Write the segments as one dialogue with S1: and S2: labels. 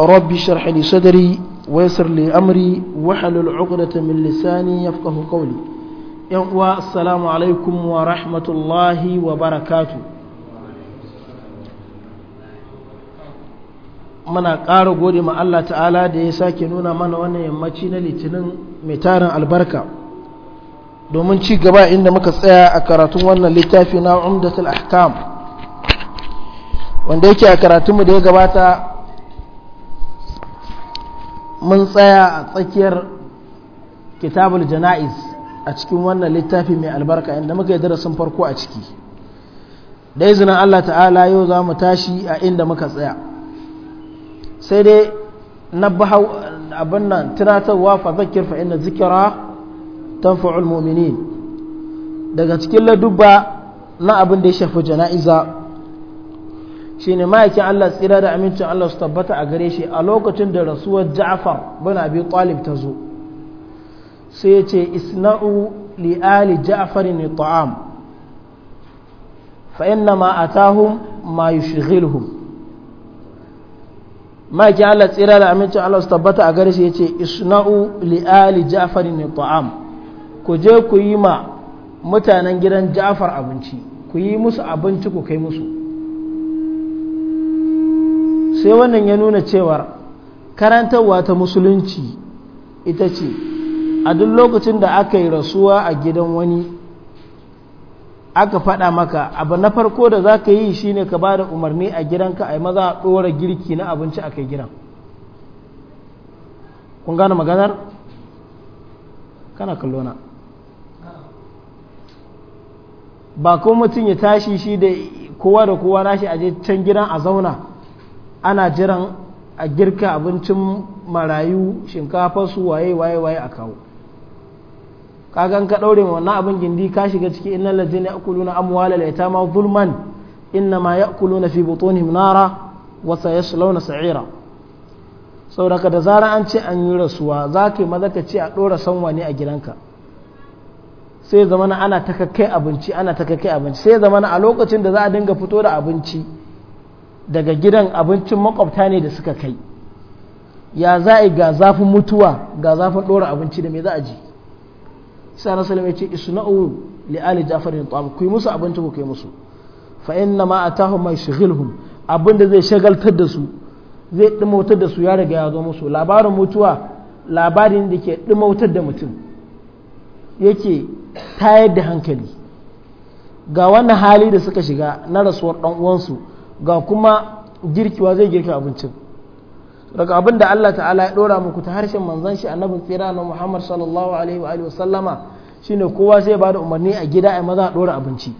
S1: رب اشرح لي صدري ويسر لي أمري وحلل عقدة من لساني يفقه قولي يقوى السلام عليكم ورحمة الله mana ƙara gode ma Allah ta'ala da ya sake nuna mana wannan yammaci na litinin mai tarin albarka domin ci gaba inda muka tsaya a karatun wannan littafi na umdatul ahkam wanda yake a karatunmu da ya gabata mun tsaya a tsakiyar kitabul jana'iz a cikin wannan littafi mai albarka inda muka yi darasin farko a ciki da izinin Allah ta'ala yau za mu tashi a inda muka tsaya sai dai na baha abin nan tunatarwa fa zakir fa inna zikira tanfa'ul mu'minin daga cikin ladubba na abin da ya shafi jana'iza shine ma'aikin Allah tsira da amincin Allah su tabbata a gare shi a lokacin da rasuwar Ja'far bin Abi Talib ta zo sai ya ce isna'u li ali ne ta'am fa inna ma atahum ma yushghiluhum ma'aikin Allah tsira da amincin Allah su tabbata a gare shi ya ce isna'u li ali ne ta'am ku je ku yi ma mutanen gidan Ja'far abinci ku yi musu abinci ku kai musu sai wannan ya nuna cewar karantarwa ta musulunci ita ce a duk lokacin da aka yi rasuwa a gidan wani aka faɗa maka abu na farko da za ka yi shi ne ka ba da umarni a gidanka a yi maza a ɗora girki na abinci a kai gidan kun gane maganar kana kallona ba kuma mutum ya tashi shi da kowa da kowa nashi a can gidan a zauna ana jiran a girka abincin marayu shinkafa su waye waye waye a kawo kagan ka daure wannan abin gindi ka shiga ciki innal ladzina ya'kuluna amwalal yatama zulman innama ya'kuluna fi butunihim nara wa sayaslawna sa'ira saboda da zarar an ce an yi rasuwa za ka yi maza ka ce a ɗora sanwa ne a gidanka sai zamana ana takakkai abinci ana takakkai abinci sai zamana a lokacin da za a dinga fito da abinci daga gidan abincin makwabta ne da suka kai ya za a ga zafin mutuwa ga zafin ɗora abinci da me za a ji sai na salama ce uwu li ali jafarin tsawon ku yi musu abinci ku kai musu fa inna ma atahum mai abin abinda zai shagaltar da su zai ɗimautar da su ya riga ya zo musu labarin mutuwa labarin da ke ɗimautar da mutum yake tayar da hankali ga wani hali da suka shiga na rasuwar ɗan uwansu ga kuma girkiwa zai girka abincin daga abin da Allah ta'ala ya dora muku ta harshen manzon shi annabin tsira na Muhammad sallallahu alaihi wa alihi shine kowa sai ba da umarni a gida a maza a dora abinci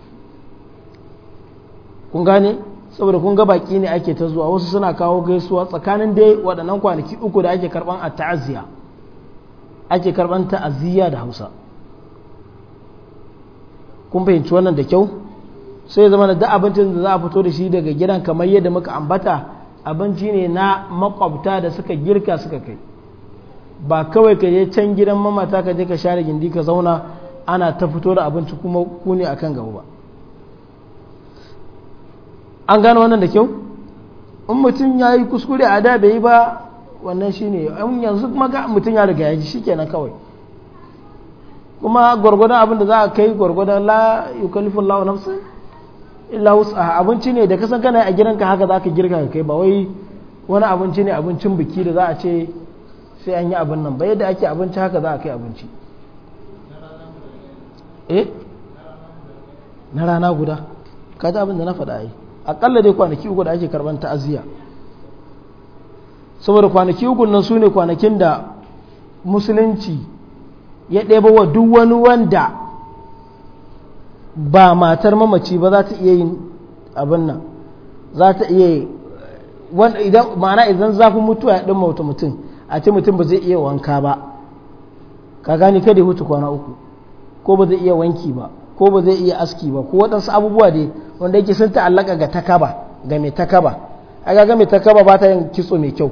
S1: kun gane saboda kun ga baki ne ake ta zuwa wasu suna kawo gaisuwa tsakanin dai waɗannan kwanaki uku da ake karban a ta'aziyya ake karban ta'aziyya da Hausa kun fahimci wannan da kyau sai zama da abincin da za a fito da shi daga gidan kamar yadda muka ambata abinci ne na makwabta da suka girka suka kai ba kawai ka je can gidan mamata ka je ka share gindi ka zauna ana ta fito da abinci kuma ku ne akan gaba ba an gano wannan da kyau in mutum ya yi kuskure a da bai yi ba wannan shi ne yanzu ga mutum ya riga ya ji shikenan kawai kuma gwargwadon abin da za a kai gwargwadon la yukalifin Allahu illa wus'aha abinci ne da kasan kana a gidanka haka za ka girka ka kai ba wai wani abinci ne abincin biki da za a ce sai an yi abin nan ba yadda ake abinci haka za a kai abinci eh na rana guda ka ji abin da na faɗa yi aƙalla dai kwanaki uku da ake karɓar ta'aziyya saboda kwanaki uku nan su ne kwanakin da musulunci ya ɗebo wa duk wani wanda ba matar mamaci ba za ta iya yin abin nan za ta iya idan ma'ana idan zafin mutuwa ya ɗin mawata mutum a ce mutum ba zai iya wanka ba ka gani kada ya hutu kwana uku ko ba zai iya wanki ba ko ba zai iya aski ba ko waɗansu abubuwa dai wanda yake sun ta'allaka ga takaba ga mai takaba a ga mai takaba ba ta yin kitso mai kyau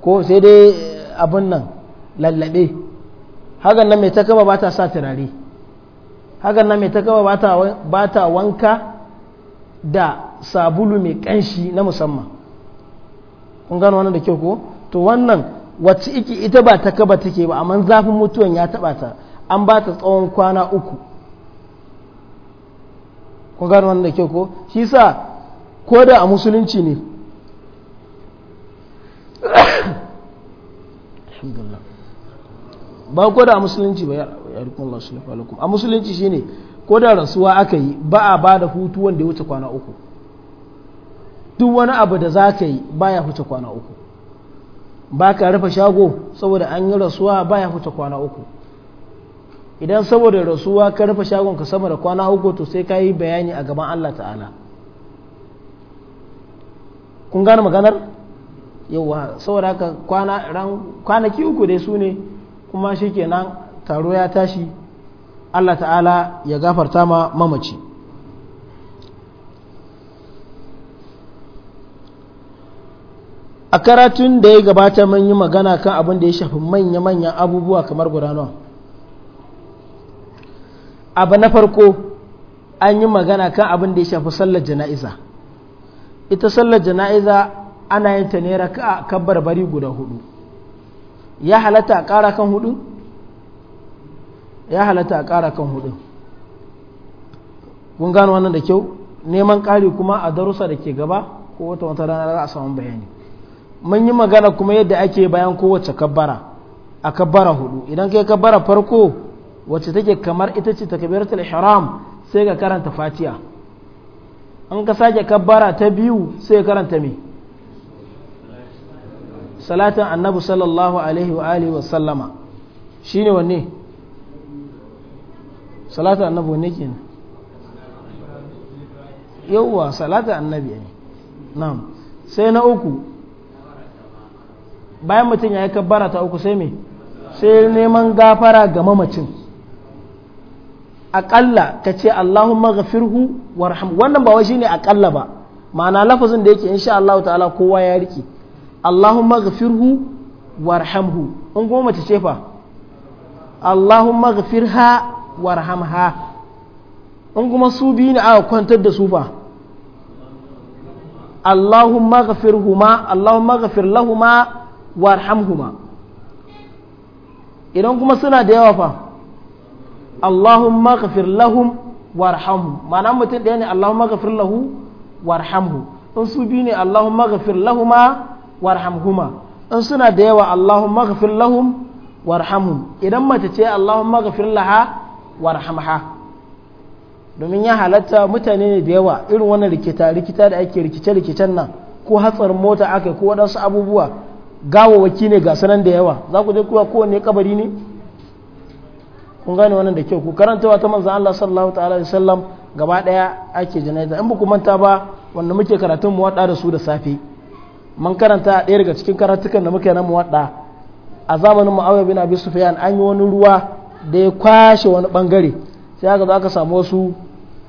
S1: ko sai dai abin nan lallabe hagan nan mai takaba ba ta sa turare hakan na mai ta kaba ba ta wanka da sabulu mai kanshi na musamman kun gano wannan da kyau ko to wannan wacce iki ita ba ta kaba take ba amma zafin mutuwan ya taba ta an ba ta tsawon kwana uku kun gano wannan da kyau ko shi sa ko da a musulunci ne ba ko da a musulunci ba yarkun Allah shi lakum a musulunci shine ko da rasuwa aka yi ba a ba da hutu wanda ya wuce kwana uku duk wani abu da za ka yi baya huce kwana uku ba ka rufe shago saboda an yi rasuwa baya huce kwana uku idan saboda rasuwa ka rufe shagon ka sama da kwana uku to sai ka yi bayani a gaban Allah ta'ala kun gane maganar yauwa saboda haka kwanaki uku dai su ne kuma kenan taro ya tashi Allah ta'ala ya gafarta ma mamaci a karatun da ya gabata mun yi magana kan abin da ya shafi manya-manyan abubuwa kamar guda abu na farko an yi magana kan abin da ya shafi sallar jana'iza ita sallar jana'iza ana yin ta ne raka kabbar bari guda hudu ya halatta a kara kan hudu ya halatta a ƙara kan hudu kun gano wannan da kyau neman ƙari kuma a darussa da ke gaba ko wata wata rana za a samu bayani mun yi magana kuma yadda ake bayan kowace kabbara a kabbara hudu idan kai kabbara farko wacce take kamar ita ce takabiratul ihram sai ka karanta fatiha an ka sake kabbara ta biyu sai ka karanta me salatin annabi sallallahu alaihi wa alihi wa sallama shine wanne salatu annabi ne kenan yawwa salatu annabi ne na'am sai na uku bayan mutum ya yi kabbara ta uku sai me sai neman gafara ga mamacin aƙalla ka ce Allahumma ghafirhu warham wannan ba shi ne aƙalla ba ma'ana lafazin da yake insha Allah ta'ala kowa ya rike Allahumma ghafirhu warhamhu in goma mace ce fa Allahumma ghafirha warhamha in kuma su biyu ne aka kwantar da su fa Allahumma ghafir huma Allahumma ghafir lahuma warhamhuma idan kuma suna da yawa fa Allahumma ghafir lahum warhamhu ma'ana mutum ɗaya ne Allahumma ghafir lahu warhamhu in su biyu ne Allahumma ghafir lahuma warhamhuma in suna da yawa Allahumma ghafir lahum warhamhum idan mace ce Allahumma ghafir laha warhamha domin ya halatta mutane ne da yawa irin wannan rikita rikita da ake rikice rikicen nan ko hatsarin mota aka ko waɗansu abubuwa gawawaki ne ga sanan da yawa za ku je kuwa kowane kabari ne kun gane wannan da kyau ku karantawa ta manzan Allah sallallahu ta'ala alaihi sallam gaba daya ake jana'iza in ba ku manta ba wanda muke karatun muwadda da su da safe man karanta ɗaya daga cikin karatukan da muke na muwadda a zamanin Muawiya bin Abi Sufyan an yi wani ruwa da ya kwashe wani bangare sai aka zo aka samu wasu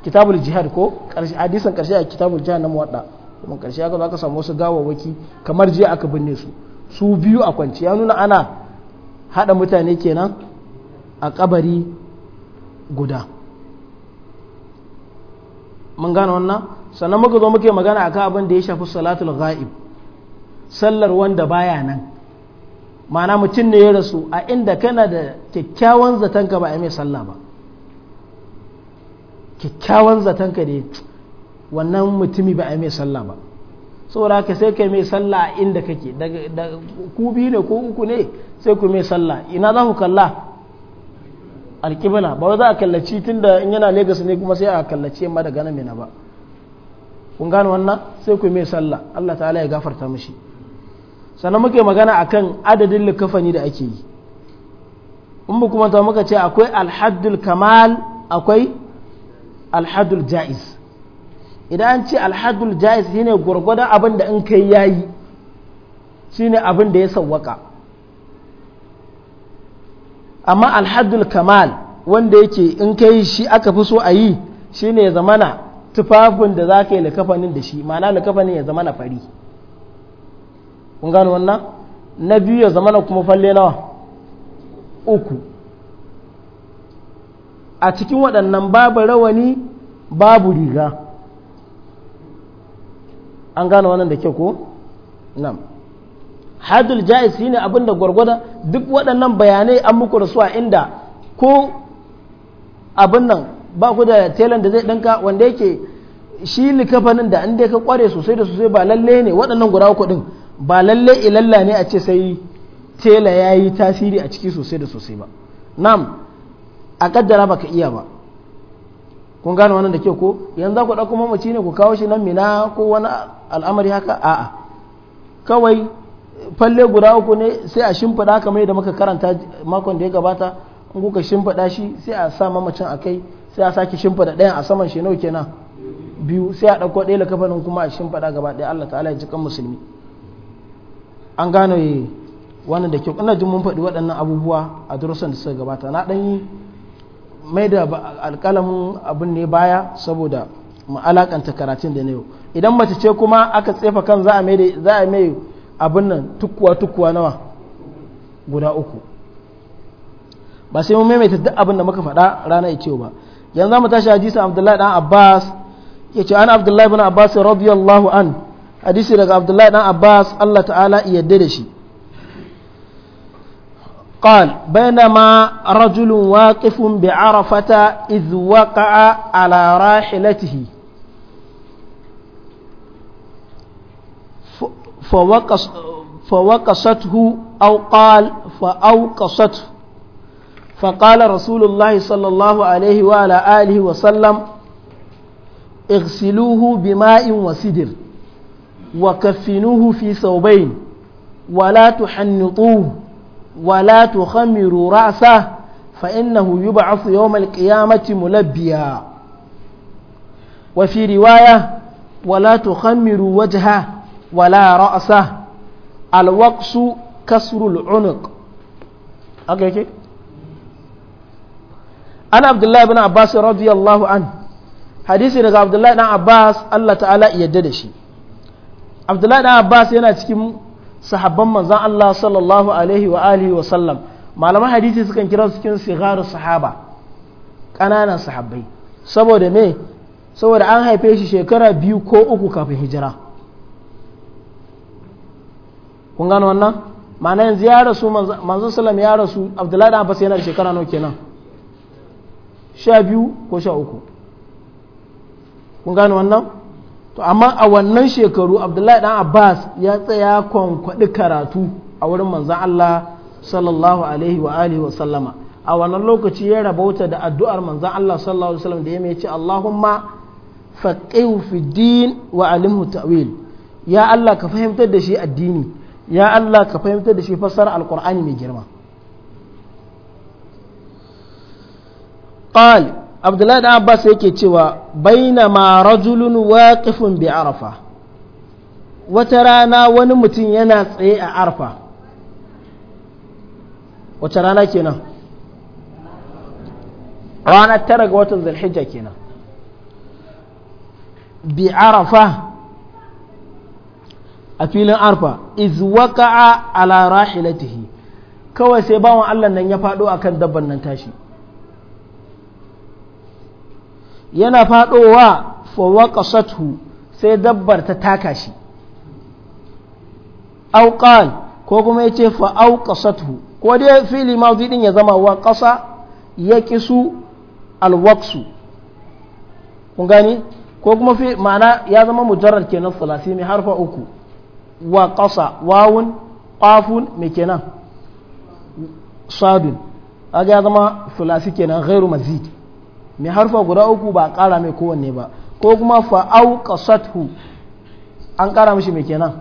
S1: kitabul jihar ko hadisan karshe a kitabul jihar na muwadda kuma karshe aka zo aka samu wasu gawawaki kamar jiya aka binne su su biyu a kwanci ya nuna ana hada mutane kenan a kabari guda mun gane wannan sannan muka zo muke magana akan abin da ya shafi salatul ghaib sallar wanda baya nan ma'ana mutum ne ya rasu a inda kana da kyakkyawan zatonka ba a mai sallah ba kyakkyawan zatonka ne wannan mutumi ba a mai sallah ba saboda ka sai ka mai sallah a inda kake daga ku biyu ne ko uku ne sai ku mai sallah ina za ku kalla alƙibla ba za a kallaci tunda in yana Legas ne kuma sai a kallace ma daga nan ba kun gane wannan sai ku mai sallah Allah ta'ala ya gafarta mishi sannan muke magana a kan adadin likafani da ake yi in ba kuma ta muka ce akwai alhaddul kamal akwai alhaddul ja'iz idan an ce alhaddul ja'iz shine gwargwadon abin da in kai ya yayi shine abin da ya sawwaka amma alhadul kamal wanda yake in kai shi aka fi so a yi shine ya zamana tufafin da za ka yi likafanin da shi ma'ana likafanin ya zamana fari kun gano wannan na biyu ya na kuma falle nawa uku a cikin waɗannan babu rawani babu riga an gano wannan da ke ko nan, hadul jais shine abin da gwargwada duk waɗannan bayanai an muku da su a inda ko abin nan ba ku da telan da zai ɗinka wanda yake shi likafanin da inda ka kware sosai da sosai ba lalle ne waɗannan guda uku ɗin ba lalle ilalla ne a ce sai tela ya yi tasiri a ciki sosai da sosai ba nam a kaddara baka iya ba kun gane wannan da ke ko yanzu ku ɗauko mamaci ne ku kawo shi nan mina ko wani al'amari haka a'a kawai falle guda uku ne sai a shimfiɗa kamar yadda muka karanta makon da ya gabata in kuka shimfiɗa shi sai a sa mamacin a kai sai a sake shimfiɗa ɗayan a saman shi nawa kenan biyu sai a ɗauko ɗaya kafanin kuma a shimfiɗa gaba ɗaya Allah ta'ala ya ji kan musulmi an gane eh, wannan da kyau ina jin mun faɗi waɗannan abubuwa a durusan da suka gabata na ɗan yi mai da alƙalamin abin ne baya saboda ma'alaƙanta alakanta karatun da na yau idan mace ce kuma aka tsefa kan za a mai abin nan tukkuwa tukkuwa nawa guda uku ba sai mun maimaita duk abin da muka faɗa ranar ya ce ba yanzu mu tashi hadisi Abdullahi ɗan Abbas ya ce an Abdullahi bin Abbas radiyallahu an hadisi daga abdullahi dan abbas allah ta'ala yadda da shi قال بينما رجل واقف بعرفة إذ وقع على راحلته فوقص فوقصته أو قال فأوقصته فقال رسول الله صلى الله عليه وعلى آله وسلم اغسلوه بماء وسدر وكفنوه في ثوبين ولا تحنطوه ولا تخمروا رأسه فإنه يبعث يوم القيامة ملبيا وفي رواية ولا تخمروا وجهه ولا رأسه الوقص كسر العنق أوكي أوكي أنا عبد الله بن عباس رضي الله عنه حديثي لك عبد الله بن عباس الله تعالى يددشي abdullahi ɗan abbas yana cikin sahabban manzan allah sallallahu alaihi wa alihi wa sallam malaman hadisi sukan kira su cikin sigarar sahaba ƙananan sahabbai saboda me saboda an haife shi shekara biyu ko uku kafin hijira kun gano wannan ma'ana yanzu ya rasu manzan salam ya rasu abdullahi ɗan abbas yana da shekara nawa kenan sha biyu ko sha uku kun gano wannan to amma a wannan shekaru abdullahi dan abbas ya tsaya kwankwaɗi karatu a wurin manzan allah sallallahu alaihi wa alihi wa sallama a wannan lokaci ya rabauta da addu'ar manzan allah sallallahu alaihi wa sallam da ya mai ce allahumma faqihu fi din wa alimhu ta'wil ya allah ka fahimtar da shi addini ya allah ka fahimtar da shi fassara alqur'ani mai girma qal abdullahi da abbas yake cewa ma rajulun waqifun bi arafa wata rana wani mutum yana tsaye a arfa wata rana kenan rana tara ga watan zulhijja kenan bi arafa a filin arfa iz waqa'a ala rahilatihi kawai sai bawan Allah nan ya faɗo akan dabban nan tashi yana faɗowa fawaqasathu sai dabbar ta taka shi aw qal ko kuma yace fa awqasathu ko dai fili madhi din ya zama wa qasa yakisu alwaqsu kun gani ko kuma fi ma'ana ya zama mujarrad kenan salasi mai harfa uku wa qasa wawun qafun mai kenan sadun aga ya zama salasi kenan ghairu mazid mai harfa guda uku ba a ƙara mai kowanne ba ko kuma fa'au ƙasathu an ƙara mashi mai kenan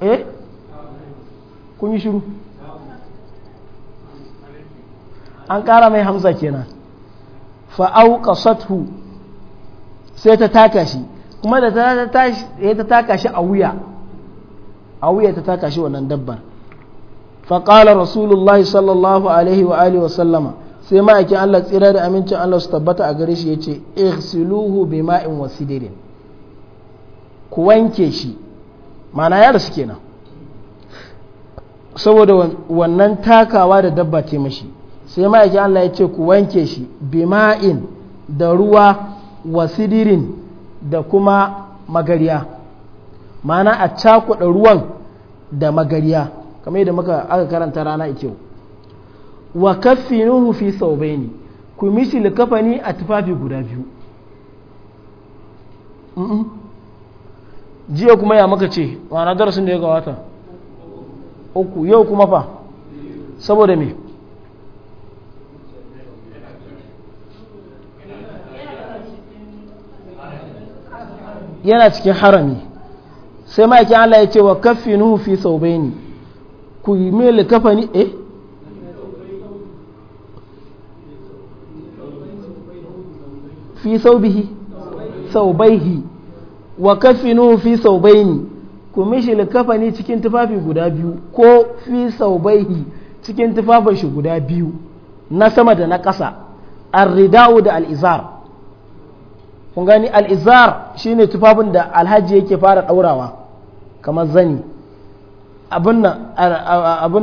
S1: eh kun yi shiru an ƙara mai hamza kenan fa'au ƙasathu sai ta taka shi kuma da ta taka shi a wuya a wuya ta taka shi wannan dabbar faƙalar rasulullahi sallallahu alaihi wa alihi wa sallama sai ma'aikin Allah tsira da amincin Allah su tabbata a gare shi ya ce ihsiluhu bi ma'in wasidirin ku wanke shi mana ya rasu kenan saboda wannan takawa da dabba ce mashi sai ma'aikin Allah ya ce ku wanke shi bi ma'in da ruwa wasidirin da kuma magariya mana a cakuɗa ruwan da magariya kamar yadda muka aka karanta rana kyau. wa nuhu fi thawbaini ku mishi likafani a tufafi guda biyu jiya kuma ya maka ce ma'ana darasin da ya gawata uku yau kuma fa saboda me yana cikin harami sai ma'aikin Allah ya ce wa nuhu fi thawbaini ku yi mai likafani eh fi saubihi saubaihi wa kafinu fi saubaini ku mishi likafani cikin tufafi guda biyu ko fi saubaihi cikin tufafin shi guda biyu na sama da na ƙasa arrida'u da al'izar kun gani al'izar shine tufafin da alhaji yake fara ɗaurawa kamar zani abin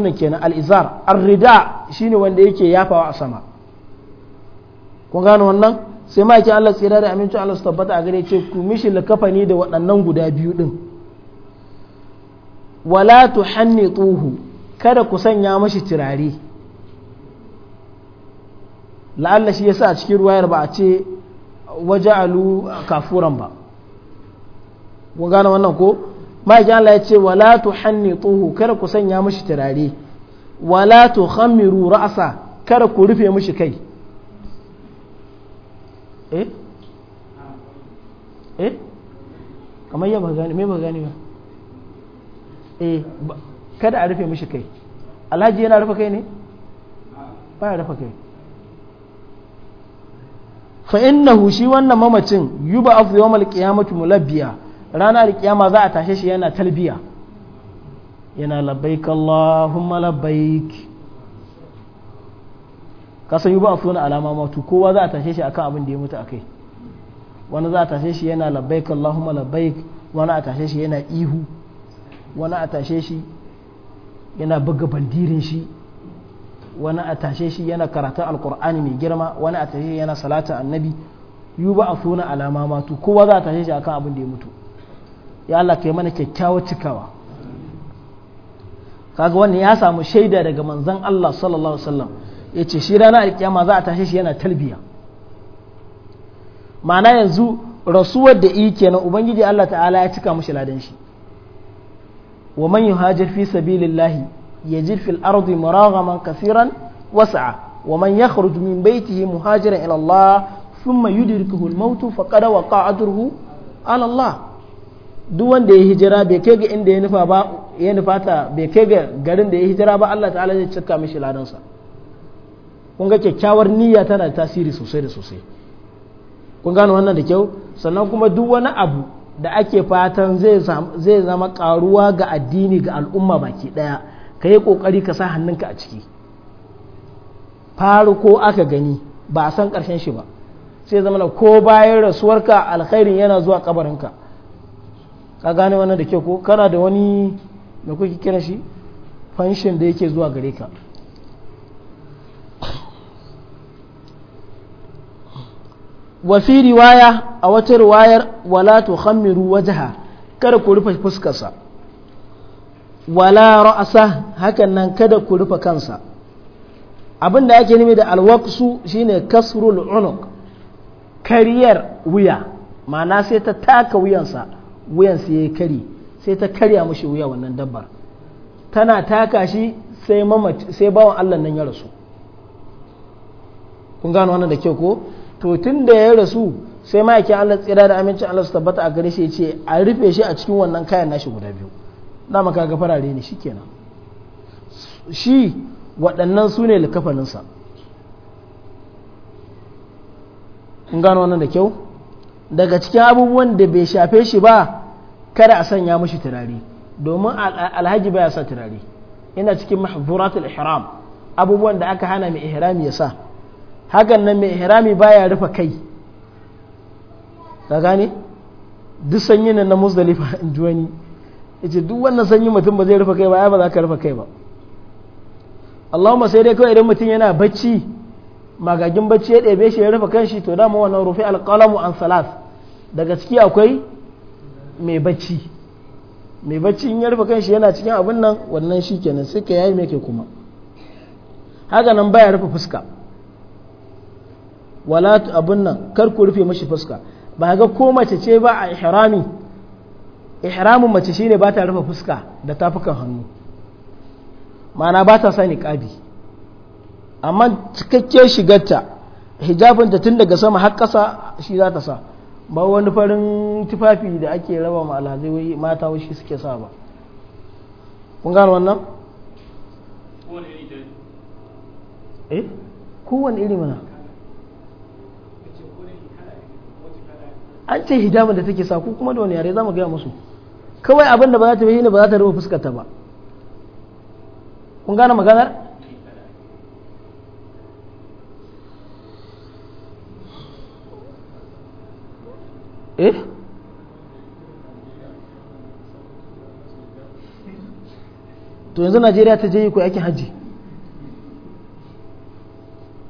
S1: nan kenan al'izar arrida shine wanda yake yafawa a sama kun gano wannan sai ma'aikin Allah tsira da amincin Allah su tabbata a gare ce ku mishi likafani da waɗannan guda biyu ɗin wala tu hanni tuhu kada ku sanya mashi turare la'alla shi yasa a cikin ruwayar ba a ce waje alu kafuran ba kun gane wannan ko ma'aikin Allah ya ce wala tu hanni tuhu kada ku sanya mashi turare wala tu khamiru ra'asa kada ku rufe mashi kai eh eh kamar ya gane me ba ba eh kada a rufe mishi kai alhaji yana rufe kai ne ba ya rufe kai fa innahu shi wannan mamacin yuba afu yawmal qiyamati mulabbiya ranar kiyama za a tashe shi yana talbiya yana labbaik allahumma labbaik ka san yi ba su na alama matu kowa za a tashe shi akan abin da ya mutu a kai wani za a tashe shi yana labbaik Allahumma labbaik wani a tashe shi yana ihu wani a tashe shi yana buga bandirin shi wani a tashe shi yana karatun alkur'ani mai girma wani a tashe shi yana salatin annabi yi ba a suna alama matu kowa za a tashe shi akan abin da ya mutu ya Allah kai mana kyakkyawar cikawa kaga wannan ya samu shaida daga manzon Allah sallallahu alaihi wasallam ya ce shi ranar alkiyama za a tashi shi yana talbiya ma'ana yanzu rasuwar da iya kenan ubangiji Allah ta'ala ya cika mushi ladan shi wa man yuhajir fi sabilillahi yajid fil ardi muragaman kaseeran wasa'a wa man yakhruj min baitihi muhajiran ila Allah thumma yudrikuhu al-maut faqad waqa'a ajruhu ala Allah duk wanda ya hijira bai kai ga inda ya nufa ba ya ta bai kai ga garin da ya hijira ba Allah ta'ala zai cika mishi ladansa kun ga kyakkyawar niyya tana da tasiri sosai da sosai kun gano wannan da kyau sannan kuma duk wani abu da ake fatan zai zama karuwa ga addini ga al'umma baki daya ka yi kokari ka sa hannunka a ciki ko aka gani ba a san karshen shi ba sai zama ko bayan rasuwarka alkhairin yana zuwa kabarinka ka gane wannan da kyau ko kana da wani da kuke kira shi fanshin da yake zuwa gare ka wa fi riwaya a wata riwayar wala tukhammiru wajaha kar ku rufe fuskarsa wala ra'asa hakan nan kada ku rufe kansa abin da ake nemi da alwaqsu shine kasrul unuq kariyar wuya ma'ana sai ta taka wuyansa wuyansa yayi kari sai ta karya mushi wuya wannan dabbar tana taka shi sai mamaci sai bawan Allah nan ya rasu kun gano wannan da kyau ko to tun da ya rasu sai ma'aikin Allah tsira da amincin Allah su tabbata a gare shi ya ce a rufe shi a cikin wannan kayan nashi guda biyu na maka ga farare ne shikenan shi waɗannan su ne likafaninsa in gano wannan da kyau daga cikin abubuwan da bai shafe shi ba kada a sanya mashi turare domin alhaji baya sa turare ina cikin mahzuratul ihram abubuwan da aka hana mai ihrami ya sa hakan nan mai ihrami baya rufe kai ka gane duk sanyi nan na muzdalifa in ji wani yace duk wannan sanyi mutum ba zai rufe kai ba ai ba za ka rufe kai ba Allahumma sai dai kawai idan mutum yana bacci magagin bacci ya ɗebe shi ya rufe kanshi to dama wannan rufe alƙalamu an salas daga ciki akwai mai bacci mai bacci in ya rufe kanshi yana cikin abin nan wannan shi kenan sai ka yayi mai kuma haka nan baya rufe fuska wala abun nan kar ku rufe mashi fuska ba ga ko mace ce ba a ihrami ihramin mace shine ba ta rufe fuska da tafukan hannu mana ba ta sa niqabi amma cikakken shigarta hijabin ta tun daga sama har ƙasa shi za ta sa ba wani farin tufafi da ake raba ma alhazai mata shi suke sa ba kun gano wannan kowane irin eh? mana an ce hijabin da take sa ku kuma da wani yare za mu gaya musu kawai abin da ba za ta yi ne ba za ta rufe fuskarta ba kun gane maganar eh to yanzu najeriya ta je yi ko yake hajji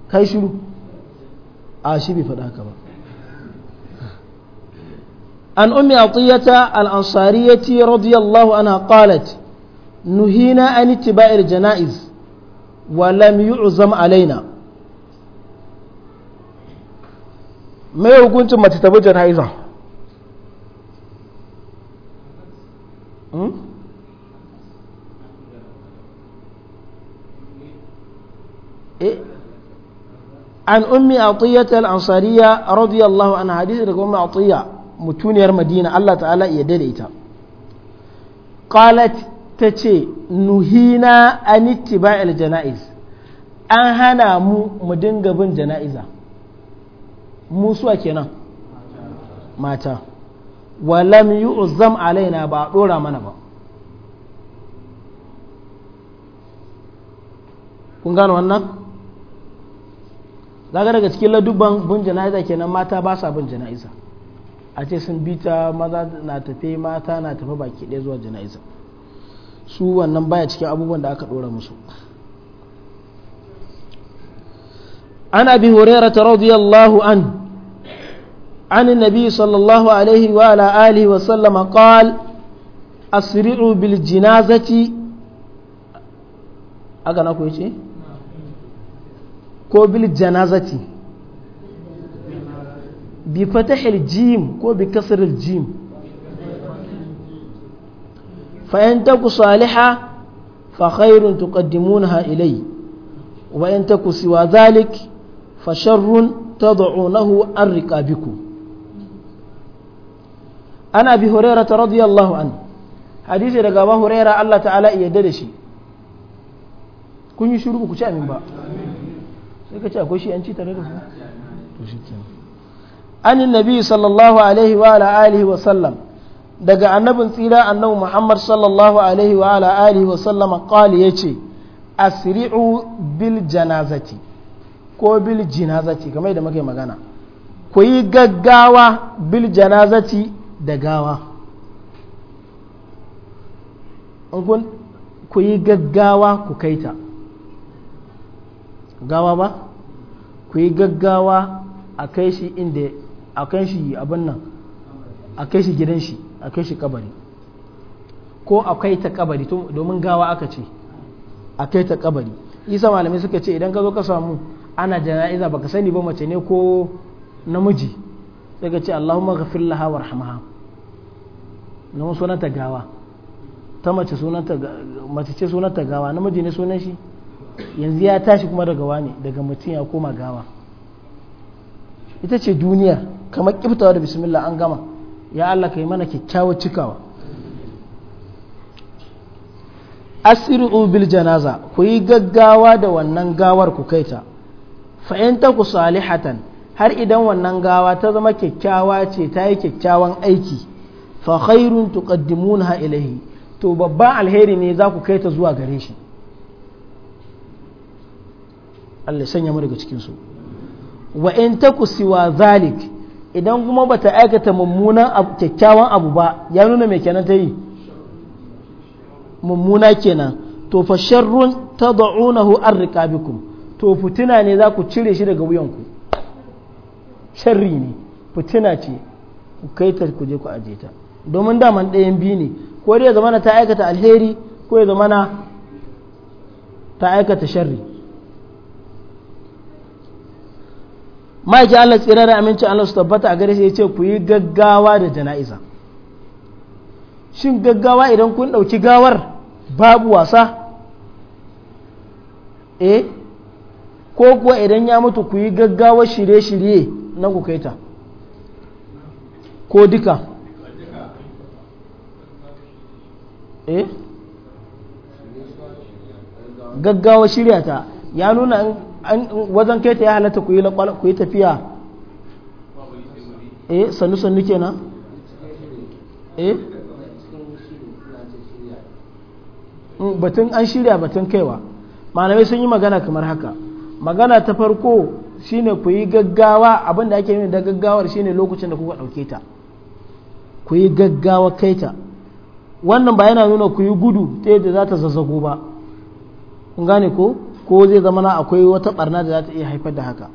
S1: kai shiru a shi bai faɗa haka ba عن أم عطية الأنصارية رضي الله عنها قالت نهينا عن اتباع الجنائز ولم يعزم علينا ما يقولون ما تتبع الجنائز إيه؟ عن أم عطية الأنصارية رضي الله عنها حديث أم عطية mutuniyar madina Allah ta'ala ya daidaita qalat ta ce nuhina an ittiba'il jana'iz an hana mu mu dinga bin jana'iza mu suwa kenan mata walam yu'zam alaina ba dora mana ba kun gano wannan zaga daga cikin ladubban bin jana'iza kenan mata ba sa bin jana'iza a ce sun bi ta maza na tafe mata na tafi baki ɗaya zuwa jana'iza su wannan baya cikin abubuwan da aka ɗora musu an abi hurairah radiyallahu an عن النبي صلى الله عليه وعلى آله وسلم قال أسرعوا بالجنازة أغنى كويتي كو بالجنازة bi fatahil jim ko bi kasril jim fa in taku saliha fa khairun tuqaddimunaha ilay wa in taku siwa dhalik fa sharrun tad'unahu an riqabikum ana bi hurairah radiyallahu anhu hadisi daga ba hurairah Allah ta'ala ya yarda da shi kun ku ci amin ba to shi kenan Ani nabi sallallahu alaihi wa ala alihi wa sallam daga annabin tsira annabi muhammad sallallahu alaihi wa ala alihi wa sallama qali yace asri'u bil janazati ko bil jinazati kamar da muke magana ku yi gaggawa bil janazati da gawa ku yi gaggawa ku kaita gawa ba ku yi gaggawa a kai shi inda a kai shi abin nan a kai shi gidan shi a kai shi kabari ko a kai ta kabari domin gawa aka ce a kai ta kabari isa malamai suka ce idan ka zo ka samu ana jana'iza baka sani ba mace ne ko namiji sai ka ce Allahumma ghafir laha warhamha na sunanta gawa ta mace sunanta mace ce sunanta gawa namiji ne sunan shi yanzu ya tashi kuma daga wani daga mutum ya koma gawa ita ce duniya kamar kiftawa da bismillah an gama ya Allah kai mana kyakkyawar cikawa asiru ubil janaza ku yi gaggawa da wannan gawar ku kaita fa in ku salihatan har idan wannan gawa ta zama kyakkyawa ce ta yi kyakkyawan aiki fa khairun tuqaddimunha ilaihi to babban alheri ne za ku kaita zuwa gare shi Allah sanya mu daga cikin su wa in taku siwa zalik idan kuma bata aikata mummuna kyakkyawan abu ba ya nuna mai kenan ta yi mummuna kenan to fa sharrun ta da'unahu an riqabikum to fitina ne za ku cire shi daga wuyanku sharri ne fitina ce ku kai ta ku je ku aje ta domin daman ɗayan biyu ne ko dai zamana ta aikata alheri ko ya zamana ta aikata sharri ma'aiki Allah tsira da aminci Allah su tabbata a gare shi ya ce ku yi gaggawa da jana'iza shin gaggawa idan kun ɗauki gawar babu wasa eh ko kuwa idan ya mutu ku yi gaggawa shirye-shirye na ku kaita ko duka eh gaggawa shirya ta ya nuna wajen kai ta ya halatta ku yi tafiya eh sannu sannu kenan eh mm, batun an shirya batun kaiwa malamai sun yi magana kamar haka magana ta farko shine ku yi gaggawa abinda ake yi da gaggawar shine lokacin da kuka ɗauke ta ku yi gaggawa kai ta wannan ba yana nuna ku yi gudu ta yadda za ta zazzago ba kun ko ko zai zama na akwai wata barna da za ta iya haifar da haka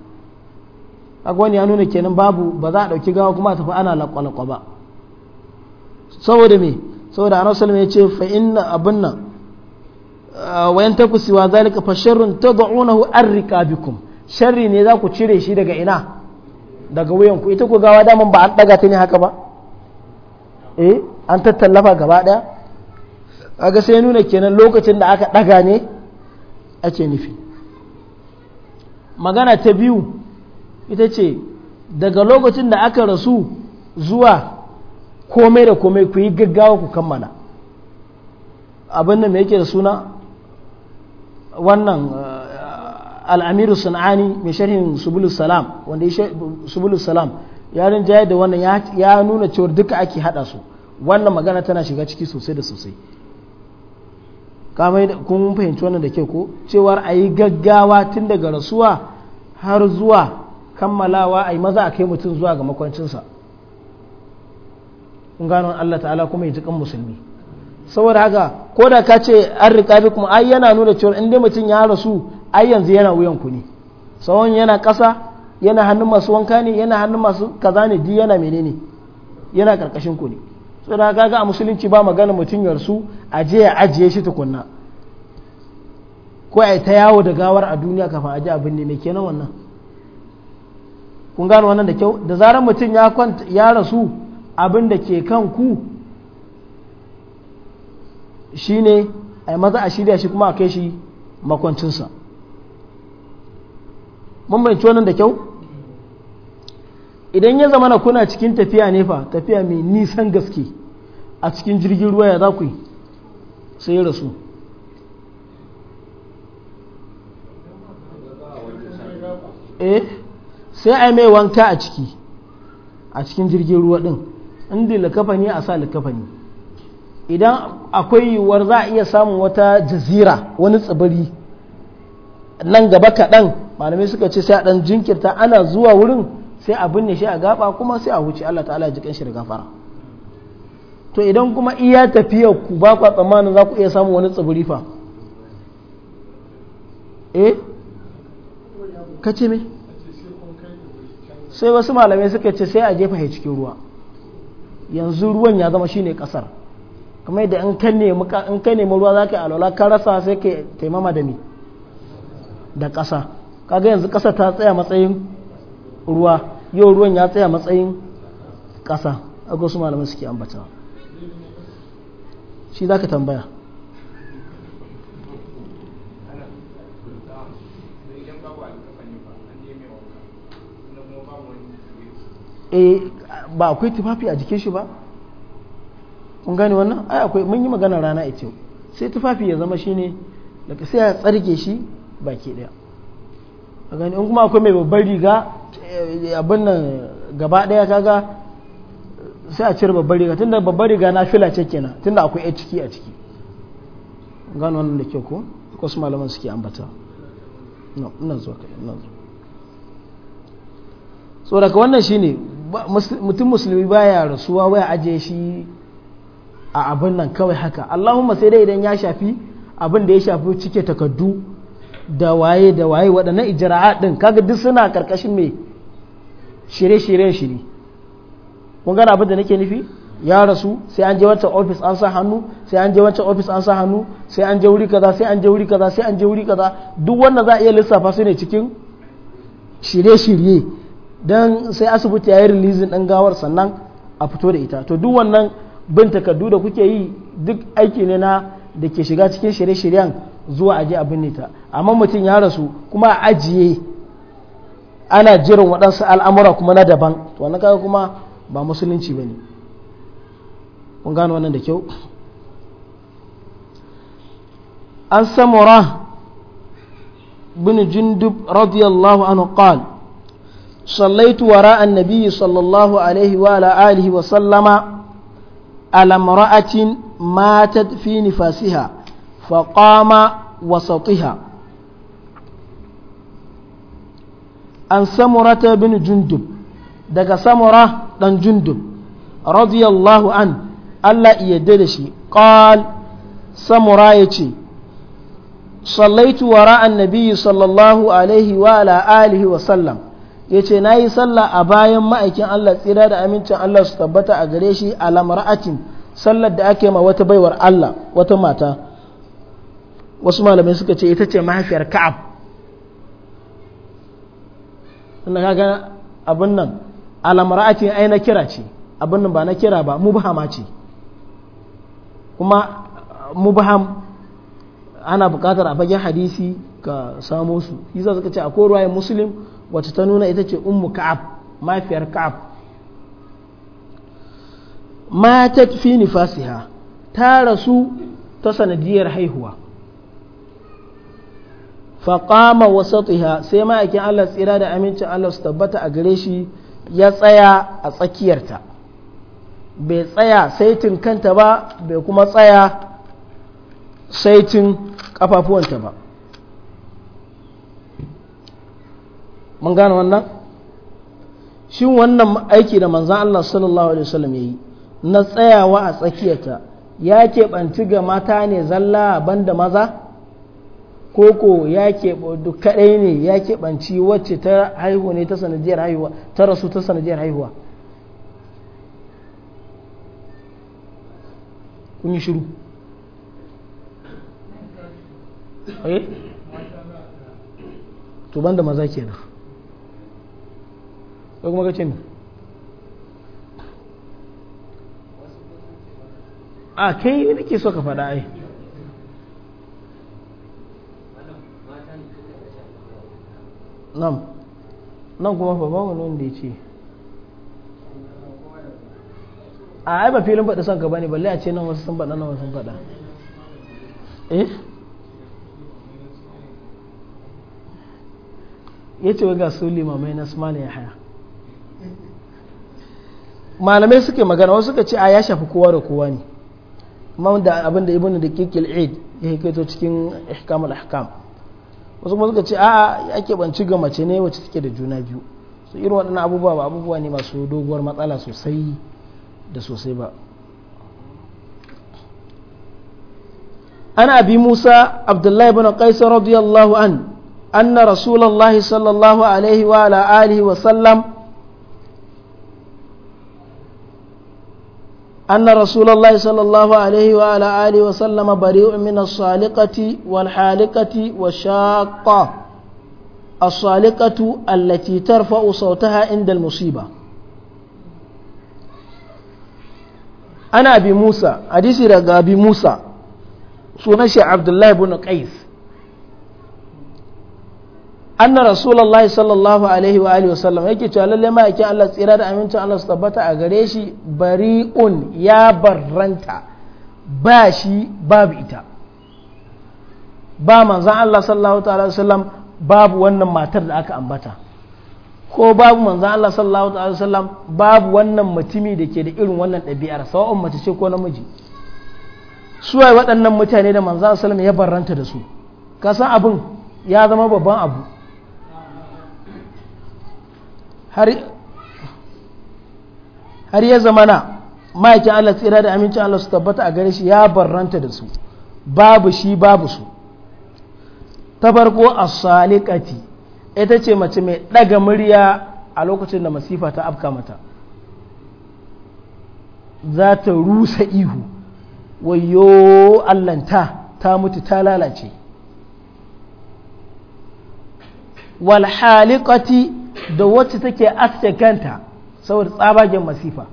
S1: kaga wani ya nuna kenan babu ba za a ɗauki gawa kuma a tafi ana laƙwa ba saboda me saboda annabi salama ya ce fa inna abin nan ah, wa yantaku siwa zalika fa sharrun tad'unahu arriqabikum sharri ne za ku cire shi daga ina daga wuyan ku ita ku gawa daman ba an daga ta ne haka ba eh an tattallafa gaba daya ga sai nuna kenan lokacin da aka daga ne ake nufi magana ta biyu ita ce daga lokacin da aka rasu zuwa komai da komai ku yi gaggawa ku kammala abin da mai yake da suna wannan eh, al'amiru sun'ani mai sharhin subulussalam wanda subulus salam ya rinjaye da wannan ya nuna cewar duka ake hada su wannan magana tana shiga ciki sosai da sosai kun fahimci wannan da ke ko cewar a yi gaggawa tun daga rasuwa har zuwa kammalawa a yi maza a kai mutum zuwa ga makwancinsa kun gano Allah ta'ala kuma yi musulmi saboda haka ko da ka ce an rika bi kuma ai yana nuna cewa inda mutum ya rasu ai yanzu yana wuyan ku ne tsawon yana ƙasa yana hannun masu wanka ne yana hannun masu kaza ne duk yana menene yana ƙarƙashin ku ne tsira gaga a musulunci ba magana mutum yarsu a je ya ajiye shi tukunna ko a ta yawo da gawar a duniya kafin a ji abin ne mai kenan wannan kun gano wannan da kyau da zarar mutum ya kwanta rasu abin da ke kan ku shi ne a yi maza a shirya shi kuma a kai shi makwancinsa mun bai wannan da kyau idan ya zama na kuna cikin tafiya ne fa tafiya mai nisan gaske a cikin jirgin ruwa ya za ku yi sai rasu eh sai a mai wanka a ciki a cikin jirgin ruwa din inda likafa ne a sa likafa ne idan akwai yiwuwar za a iya samun wata jazira wani tsibiri
S2: nan gaba kaɗan
S1: malamai suka ce sai a ɗan jinkirta ana zuwa wurin sai a binne shi a gaba kuma sai a wuce Allah ta'ala jikin shi da gafara to idan kuma iya tafiya ku ba ku tsammanin za ku iya samu wani tsibiri fa eh kace me sai wasu malamai suka ce sai a jefa ya cikin ruwa yanzu ruwan ya zama shine kasar kuma yadda in ka nemi in ka nemi ruwa zaka alwala ka rasa sai ka taimama da ni da kasa kaga yanzu kasa ta tsaya matsayin ruwa yau ruwan ya tsaya matsayin ƙasa a wasu malamai suke ambata shi za ka tambaya eh, ba akwai tufafi a jikin shi ba kun gane wannan ai akwai mun yi magana rana ita sai tufafi ya zama shine daga sai ya tsarge shi baki daya gani in kuma akwai mai babbar riga eh, abin nan gaba daya kaga sai a cire babbar riga tunda babbar riga na fila ce kenan tunda akwai a ciki a ciki gano wannan da ke ko su malaman suke ambata ina zuwa kai ina zuwa so daga wannan shine mutum musulmi baya rasuwa waya aje shi a abin nan kawai haka allahumma sai dai idan ya shafi abin da ya shafi cike takaddu da waye da waye waɗannan ijira'a ɗin kaga duk suna ƙarƙashin mai shirye-shiryen shiri kun gana abin da nake nufi ya rasu sai an je wancan ofis an sa hannu sai an je wancan ofis an sa hannu sai an je wuri kaza sai an je wuri kaza sai an je wuri kaza duk wannan za a iya lissafa su ne cikin shirye-shirye don sai asibiti ya yi rilizin ɗan gawar sannan a fito da ita to duk wannan bin takardu da kuke yi duk aiki ne na da ke shiga cikin shirye-shiryen zuwa aje a ne ta amma mutum ya rasu kuma a ajiye ana jiran waɗansu al'amura kuma na daban to wannan kaga kuma ba musulunci ba ne kun gano wannan da kyau an samura bin jindub radiyallahu anhu qala صليت وراء النبي صلى الله عليه وعلى آله وسلم على امرأة ماتت في نفاسها faƙama wasatiha an samurata bin jundub daga samura ɗan jundub radiyallahu an Allah iya da shi ƙal samura ya ce sallaitu wa ra'an nabiyyi sallallahu alaihi wa ala wa sallam ya ce na yi sallah a bayan ma'aikin Allah tsira da amincin Allah su tabbata a gare shi a lamra'atin sallar da ake ma wata baiwar Allah wata mata wasu malamai suka ce ita ce mahaifiyar ka'ab inda kaga abin nan alamara'atin ai na kira ce abin nan ba na kira ba mubhama ce kuma mubham ana bukatar a fagen hadisi ka samo su yasa suka ce a ruwayan muslim wacce ta nuna ita ce ummu ka'ab mafiyar ka'ab ta fi nifasiha ta rasu ta sanadiyar haihuwa faƙama wasatiha sai ma'aikin Allah tsira da amincin Allah su tabbata a gare shi ya tsaya a tsakiyarta bai tsaya saitin kanta ba bai kuma tsaya saitin ƙafafuwanta ba mun gane wannan shi wannan aiki da manzan Allah sallallahu alaihi wasallam ya yi na tsayawa a tsakiyarta ya keɓanci ga mata ne zalla banda maza koko ya keɓe kaɗai ne ya keɓanci wacce ta haihu ne ta sanadiyar haihuwa ta rasu ta sanadiyar haihuwa kun yi shiru eh? to ban da maza ke kenan ko kuma kace ne a kai ke so ka faɗa ai nan nan kuma fa ba nan wanda ya ce a ai ba filin faɗi son ka bane balle a ce nan wasu sun faɗa nan wasu sun faɗa eh ya ce ga su limamai na Usman ya haya malamai suke magana wasu suka ce a ya shafi kowa da kowa ne amma da abin da ibnu da kikil eid ya hikaito cikin ihkamul ahkam wasu kuma suka ce a'a ya keɓanci ga mace ne wacce take da juna biyu su irin waɗannan abubuwa ba abubuwa ne masu doguwar matsala sosai da sosai ba an abi musa abdullahi bin qaisar radiyallahu an anna rasulullahi sallallahu alaihi wa ala alihi wa sallam أن رسول الله صلى الله عليه وعلى آله وسلم بريء من الصالقة والحالقة والشاقة الصالقة التي ترفع صوتها عند المصيبة أنا أبي موسى حديثي رقى أبي موسى سنشي عبد الله بن قيس anna rasulullahi sallallahu alaihi wa alihi wasallam yake cewa lalle ma yake Allah tsira da amincin Allah su tabbata a gare shi bari'un ya barranta ba shi babu ita ba manzan Allah sallallahu ta'ala wasallam babu wannan matar da aka ambata ko babu manzan Allah sallallahu ta'ala wasallam babu wannan mutumi da ke da irin wannan ɗabi'ar sawa'un mace ce ko namiji suwaye waɗannan mutane da manzan Allah sallallahu ya barranta da su kasan abin ya zama babban abu har ya zamana ma'aikin Allah tsira da amincin Allah su tabbata a gare shi ya barranta da su babu shi babu su ta farko a salikati ita ce mace mai ɗaga murya a lokacin da masifa ta afka mata za ta rusa ihu wayo allanta ta mutu ta lalace wal haliqati da wacce take aske kanta saboda tsabagen masifa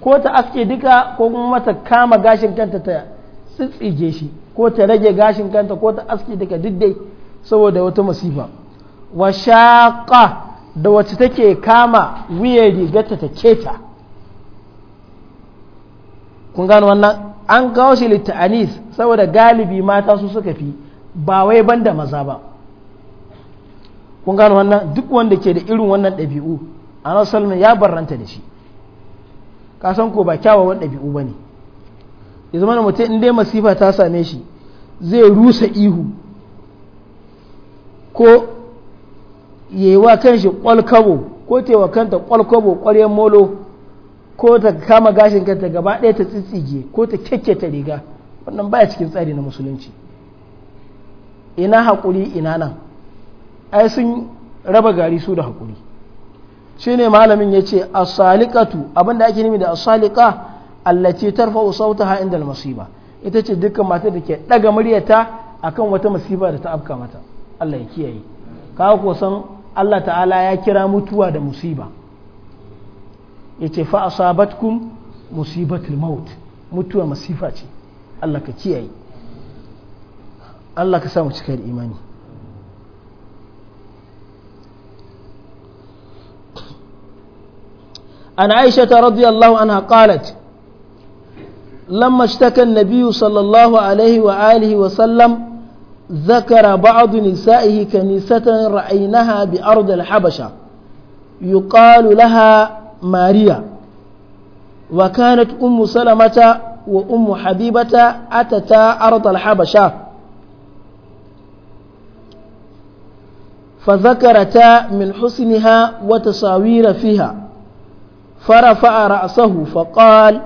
S1: ko ta aske duka ko kuma ta kama gashin kanta ta tsitsige shi ko ta rage gashin kanta ko ta aske duka duk dai saboda wata masifa wa shaqa da wacce take kama wuya rigarta ta keta kun gano wannan an gawo shi litta'anis saboda galibi mata su suka fi ba wai banda maza ba kun gano wannan duk wanda ke da irin wannan ɗabi'u annabi salma ya barranta da shi kasan ko ba kyawawan ɗabi'u ba ne. ya zama mutum in dai masifa ta same shi zai rusa ihu ko kan shi kwalkabo ko wa kanta ƙwaryen molo ko ta kama gashin kanta gaba ɗaya ta tsitsige ko ta kyakkyata riga wannan baya cikin tsari na musulunci ina haƙuri ina nan ai sun raba gari su da hakuri shine malamin ya ce a salikatu abinda ake nimi da a salika tarfa sauta ha inda masiba ita ce dukkan matar da ke daga muryarta akan wata masiba da ta afka mata Allah ya kiyaye kawo ko san Allah ta'ala ya kira mutuwa da musiba ya ce fa asabatkum musibatul maut mutuwa masifa ce Allah ka kiyaye Allah ka samu cika da imani عن عائشة رضي الله عنها قالت لما اشتكى النبي صلى الله عليه وآله وسلم ذكر بعض نسائه كنيسة رأيناها بأرض الحبشة يقال لها ماريا وكانت أم سلمة وأم حبيبة أتتا أرض الحبشة فذكرتا من حسنها وتصاوير فيها فرفع رأسه فقال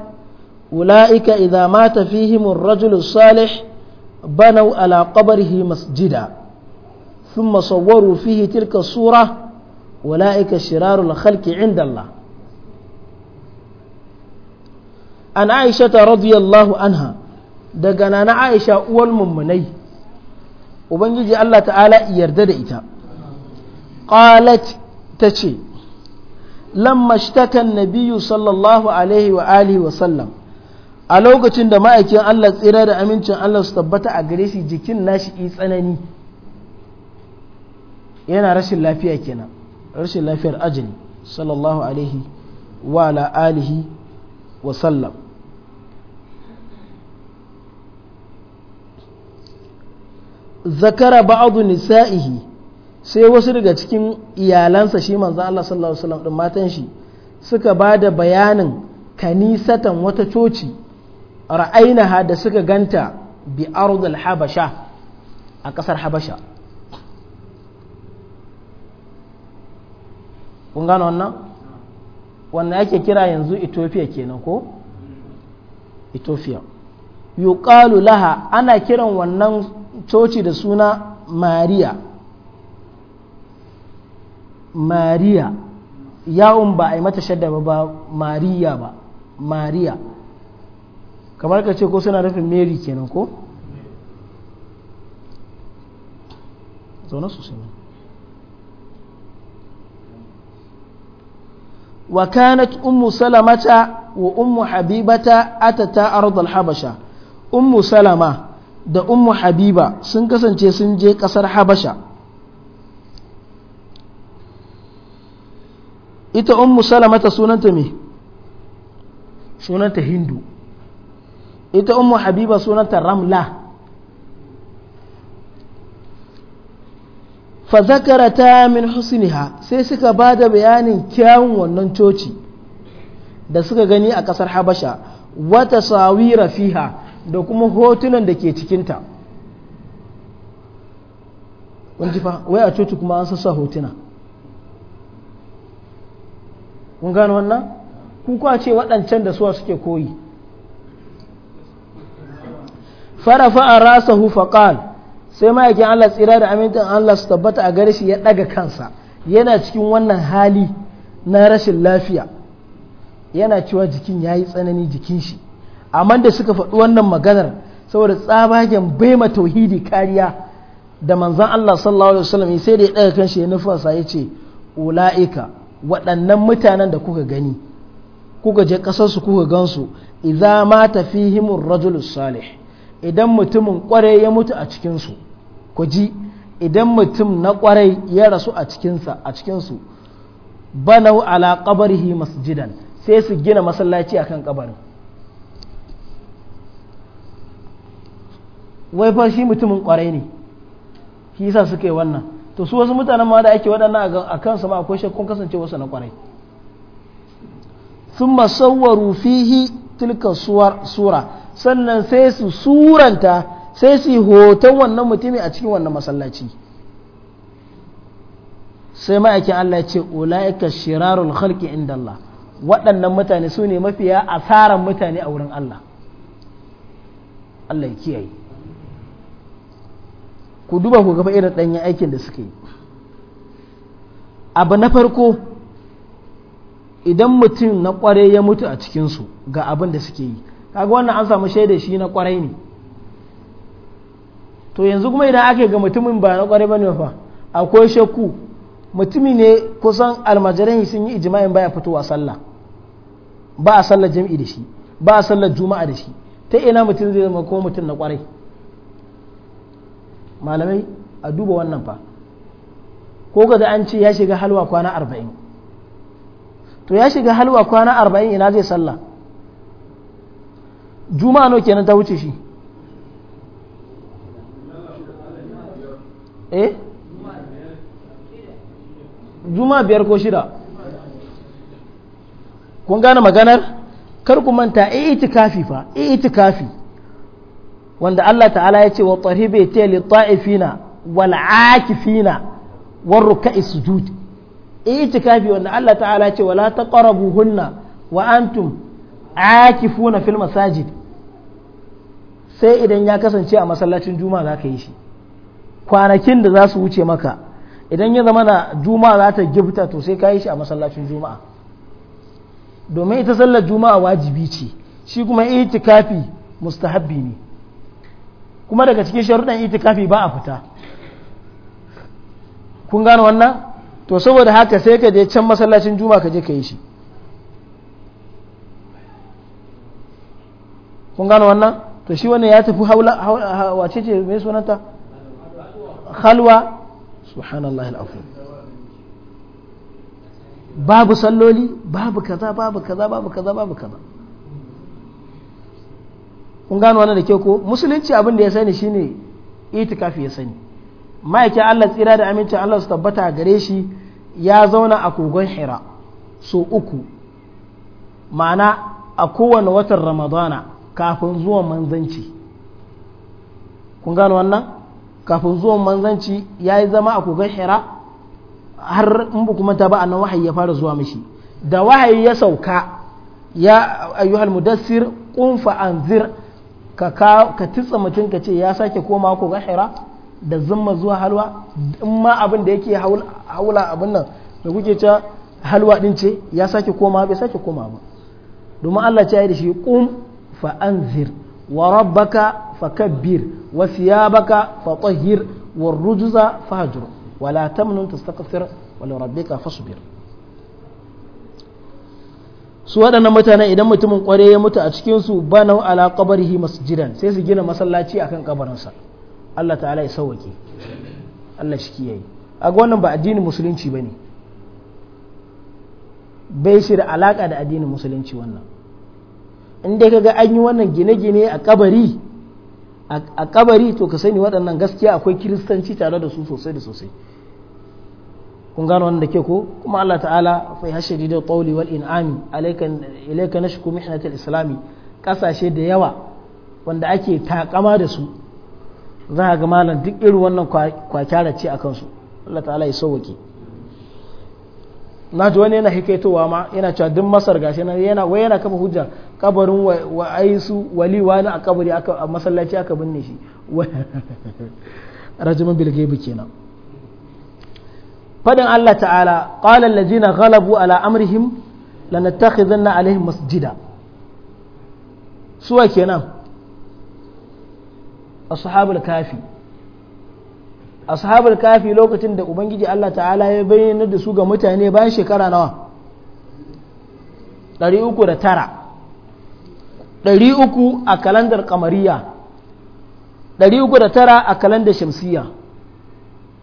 S1: أولئك إذا مات فيهم الرجل الصالح بنوا على قبره مسجدا ثم صوروا فيه تلك الصورة أولئك شرار الخلق عند الله an aisha radiyallahu anha daga nana aisha uwar mummunai ubangiji Allah ta'ala yarda da ita qalat ta ce lamma shtaka nabiyyu a lokacin da ma'aikin Allah tsira da amincin Allah su tabbata a gare shi jikin nashi yi tsanani yana rashin lafiya kenan lafiyar ajali sallallahu alaihi wa ala zakara nisa'ihi sai wasu daga cikin iyalansa shi manzan Allah sallallahu alaihi wasallam matan shi suka ba da bayanin kanisatan wata coci ra'ainaha da suka ganta bi ardul habasha a kasar habasha kun gano wannan wannan yake kira yanzu ethiopia kenan ko ethiopia yuqalu laha ana kiran wannan coci da suna mariya mariya yawon ba a yi mata shadda ba mariya ba mariya kamar ka ce ko suna nufin mary kenan ko zaunar su ne wa kanat ummu salamata wa ummu habibata atata ardal habasha ummu salama da ummu habiba sun kasance sun je kasar habasha ita ummu ta sunanta me sunanta hindu ita ummu habiba sunanta ramla fazakarata min husniha sai suka ba da bayanin kyawun wannan coci da suka gani a ƙasar habasha wata sawira fiha da kuma hotunan da ke cikinta wai a coci kuma an sassa hotuna kun gano wannan ku kuwa ce waɗancan da suwa suke koyi farafa a rasa hufakal sai ma'aikin Allah tsira da amintan Allah su tabbata a gare shi ya ɗaga kansa yana cikin wannan hali na rashin lafiya yana cewa jikin ya yi tsanani jikin shi amma da suka faɗi wannan maganar saboda tsabagen baima tauhidi kariya da manzan Allah sallallahu alaihi wasallam sai da ya ɗaga kanshi ya nufasa ya ce ula'ika waɗannan mutanen da kuka gani kuka je ƙasarsu kuka gansu idza mata fihimur rajulus salih idan mutumin ƙwarai ya mutu a cikinsu ku ji idan mutum na ƙwarai ya rasu a cikinsa a cikinsu banau ala qabrihi masjidan sai su gina masallaci akan kabarin wai fa shi mutumin ƙwarai ne shi yasa suka yi wannan to su wasu mutanen ma da ake waɗannan a kansu ma akwai shakkun kasance wasu na kwarai sun masawwaru fihi tilka sura sannan sai su suranta sai su hoton wannan mutumi a cikin wannan masallaci sai ma'aikin Allah ya ce ula'ika shirarul halki inda Allah waɗannan mutane su ne mafiya asaran mutane a wurin Allah Allah ya kiyaye ku duba ku gaba irin ɗanyen aikin da suka yi abu na farko idan mutum na kwarai ya mutu a cikinsu ga abin da suke yi kaga wannan an samu shaida shi na kwarai ne to yanzu kuma idan ake ga mutumin ba na kwarai bane fa akwai shakku mutumi ne kusan almajirai sun yi ijma'in baya fitowa sallah ba a sallar jam'i da shi ba a sallar juma'a da shi ta ina mutum zai zama ko mutum na kwarai malamai a duba wannan fa ko ga an ce ya shiga halwa kwana arba'in to ya shiga halwa kwana arba'in ina zai sallah juma'a no kenan ta wuce shi eh juma'a biyar ko shida kun gane maganar kar ku manta e itikafi fa e itikafi wanda Allah ta'ala ya ce wa taribe ta li ta'ifina wal akifina war ruka'i sujud itikafi wanda Allah ta'ala ya ce wala hunna wa antum akifuna fil masajid sai idan ya kasance a masallacin juma'a zaka yi shi kwanakin da za su wuce maka idan ya zama na juma'a za ta gifta to sai ka yi shi a masallacin juma'a domin ita sallar juma'a wajibi ce shi kuma itikafi mustahabbi ne kuma daga cikin sharuɗan itikafi ba a fita kun gano wannan to saboda haka sai ka je can masallacin juma ka je ka yi shi kun gano wannan to shi wannan ya tafi haula wace ce mai sunanta halwa subhanallah al'afin babu salloli babu kaza babu kaza babu kaza babu kaza kun gano wannan da ke ko musulunci abin da ya sani shine itikafi ya sani ma'aikin Allah tsira da amincin Allah su tabbata gare shi ya zauna a kogon Hira so uku ma'ana a kowane watan Ramadana kafin zuwan manzanci kun gano wannan kafin zuwan manzanci ya yi zama a kogon Hira har in ba kuma ta ba annan wahayi ya fara zuwa mishi da wahayi ya sauka ya ayyuhal mudassir fa anzir. ka tutsa mutum ka ce ya sake koma ko gahira da zumma zuwa halwa in ma abin da yake haula abin nan da kuke ce halwa din ce ya sake koma bai sake koma ba domin Allah ce ya da shi qum fa anzir wa rabbaka kabbir wa fa tahhir war rujza wa wala tamnun tastakthir wa rabbika fasbir su waɗannan mutanen idan mutumin ƙware ya mutu a cikinsu ba na ala masu masjidan sai su gina masallaci a kan ƙabarinsa Allah ta'ala ya sauwake Allah shi kiyaye a wannan ba addinin musulunci ba ne bai shi da alaƙa da addinin musulunci wannan in dai kaga an yi wannan gine-gine a ƙabari a ƙabari to ka sani waɗannan gaskiya akwai kiristanci tare da su sosai da sosai kun gano wannan da ke ko kuma Allah ta'ala fa hashidi da qawli wal in'ami alayka ilayka nashku al islami kasashe da yawa wanda ake takama da su za ga malam duk irin wannan kwakyara ce akan su Allah ta'ala ya sauke na ji wani yana hikaitowa ma yana cewa duk masar gashi na yana wai yana kafa hujja kabarin wa aisu wali wani a kabari a masallaci aka binne shi rajimin bilgebu kenan fadin Allah ta'ala qala allazina ghalabu ala amrihim lanattakhidhanna alaihim masjida suwa kenan ashabul kafi ashabul kafi lokacin da ubangiji Allah ta'ala ya bayyana da su ga mutane bayan shekara nawa Ɗari uku a kalandar kamariya tara a kalandar shamsiyya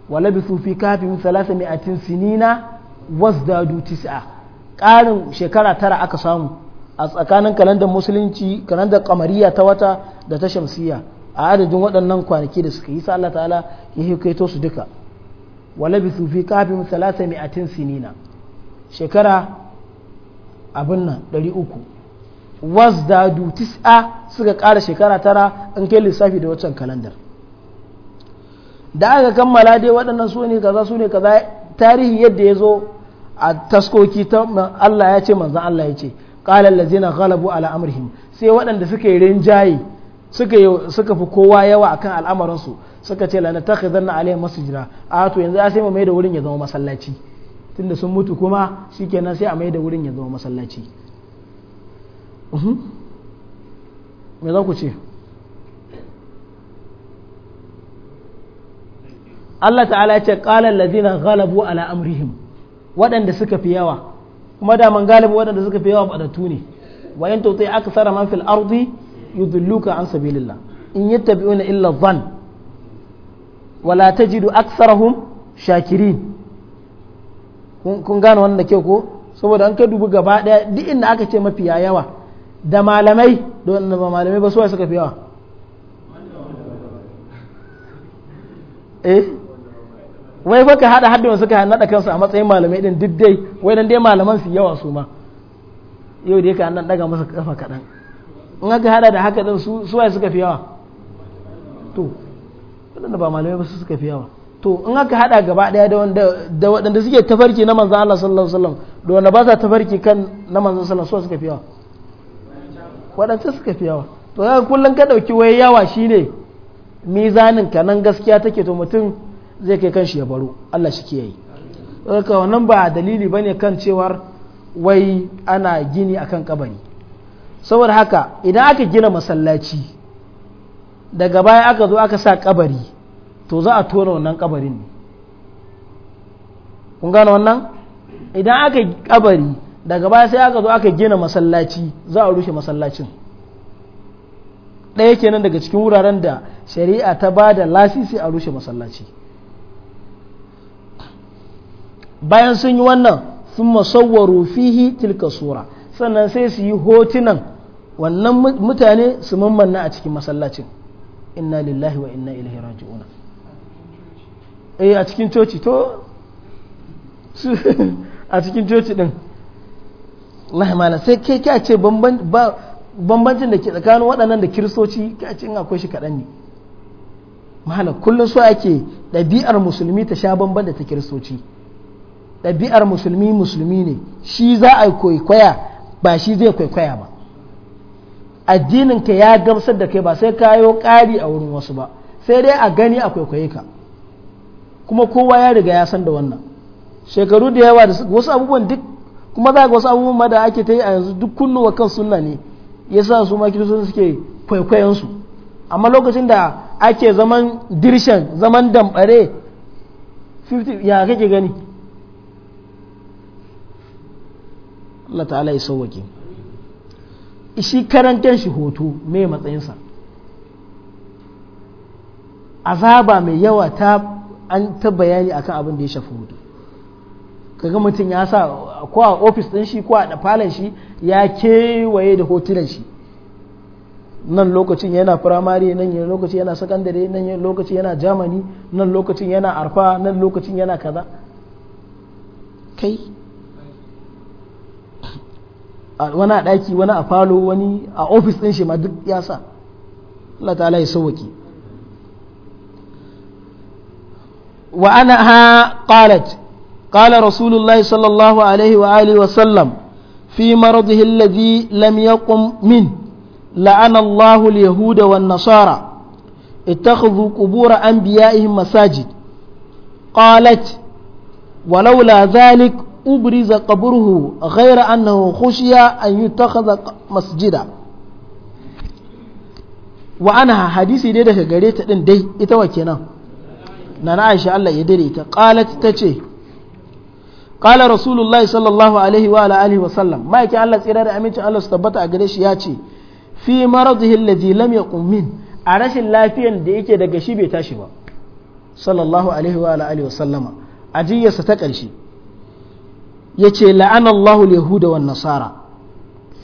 S1: wa labisu fi kafin salasa mi'atin sinina wasdadu tis'a ƙarin shekara tara aka samu a tsakanin kalandar musulunci kalandar kamariya ta wata da ta shamsiya a adadin waɗannan kwanaki da suka yi sa Allah ta'ala ya hikaito su duka wa labisu fi kafin salasa atin sinina shekara abin nan ɗari uku wasdadu tis'a suka ƙara shekara tara in kai lissafi da wancan kalandar da aka kammala dai waɗannan su ne kaza su ne kaza tarihi yadda ya zo a taskoki ta Allah ya ce manzan Allah ya ce qala allazina ghalabu ala amrihim sai waɗanda suka yi rinjaye suka suka fi kowa yawa akan al'amarin suka ce la natakhidanna masu masjida a to yanzu sai mu mai da wurin ya zama masallaci tunda sun mutu kuma shikenan sai a mai da wurin ya zama masallaci mhm. me za ku ce Allah ta'ala ya ce qala allazina galabu ala amrihim waɗanda suka fi yawa kuma da man galibi waɗanda suka fi yawa badatu ne wa in aka tsara man fil ardi yudilluka an sabilillah in yattabi'una illa zan wala ta tajidu aktharahum shakirin kun gane wannan da ke ko saboda an kai dubu gaba daya duk inda aka ce mafi yawa da malamai da wanda ba malamai ba suwa suka fi yawa eh wai fa ka hada haddin suka nada kansu a matsayin malamai din duk dai wai nan dai malaman su yawa su ma yau dai ka nan daga masa kafa kadan in aka hada da haka din su su suka fi yawa to wadanda ba malamai ba su suka fi yawa to in aka hada gaba daya da wanda da wadanda suke tafarki na manzo Allah sallallahu alaihi wasallam da wanda ba sa tafarki kan na manzo sallallahu alaihi wasallam suka fi yawa wadanda suka fi yawa to kullun ka dauki wai yawa shine mizanin ka nan gaskiya take to mutum zai kai kanshi ya baro Allah shi kiyaye haka wannan ba dalili bane kan cewar wai ana gini akan kabari saboda haka idan aka gina masallaci daga baya aka zo aka sa kabari to za a tona wannan kabarin ne kun gane wannan idan aka kabari daga baya sai aka zo aka gina masallaci za a rushe masallacin ɗaya kenan daga cikin wuraren da shari'a ta ba da lasisi a rushe masallaci bayan sun yi wannan sun masawwaru fihi tilka sura sannan sai su yi hotunan wannan mutane su mammanna a cikin masallacin inna lillahi wa inna ilaihi raji'una eh a cikin coci to a cikin coci din mala sai kai kya ce bambancin da ke tsakanin waɗannan da kiristoci kya ce in akwai shi kaɗan ne mahala kullum so ake ɗabi'ar musulmi ta sha bamban da ta kiristoci ɗabi'ar musulmi musulmi ne shi za a kwaikwaya ba shi zai kwaikwaya ba addininka ya gamsar da kai ba sai kayo ƙari a wurin wasu ba sai dai a gani a kwaikwaye ka kuma kowa ya riga ya san da wannan shekaru da yawa da wasu abubuwan duk kuma za ga wasu abubuwan ma da ake ta yi a yanzu duk kunnuwa kan sunna ne ya sa su ma kiristoci suke kwaikwayon su amma lokacin da ake zaman dirshan zaman 50 ya kake gani Allah ta'ala ya sauwake shi karantar shi hoto mai matsayinsa azaba mai yawa ta an ta bayani akan abin da ya shafi hoto kaga mutum ya sa ko a ofis ɗin shi ko a ɗafalan shi ya kewaye da hotunan shi nan lokacin yana firamare nan yana lokacin yana sakandare nan yana lokacin yana jamani nan lokacin yana arfa nan lokacin yana kaza kai wani a ɗaki wani a falo wani a ofis ɗin shi ma duk ya sa Allah ta'ala ya sauwaki wa ana ha qalat qala rasulullahi sallallahu alaihi wa alihi wa sallam fi maradihi alladhi lam yaqum min la'ana Allah al-yahuda wan nasara اتخذوا قبور أنبيائهم مساجد قالت ولولا ذلك أبرز قبره غير أنه خشي أن يتخذ مسجدا وعنها حديثي دي daga gare ta din dai ita wa kenan nana Aisha Allah ya dare ta qalat tace qala rasulullahi sallallahu alaihi wa alihi wa sallam mai ki Allah tsira da amincin Allah su tabbata a gare shi ya ce fi maradihi alladhi lam yaqum min a rashin lafiyan da yake daga shi bai tashi ba sallallahu alaihi wa sallama ajiyarsa ta ƙarshe ya ce la'anallahu yahuda wa nasara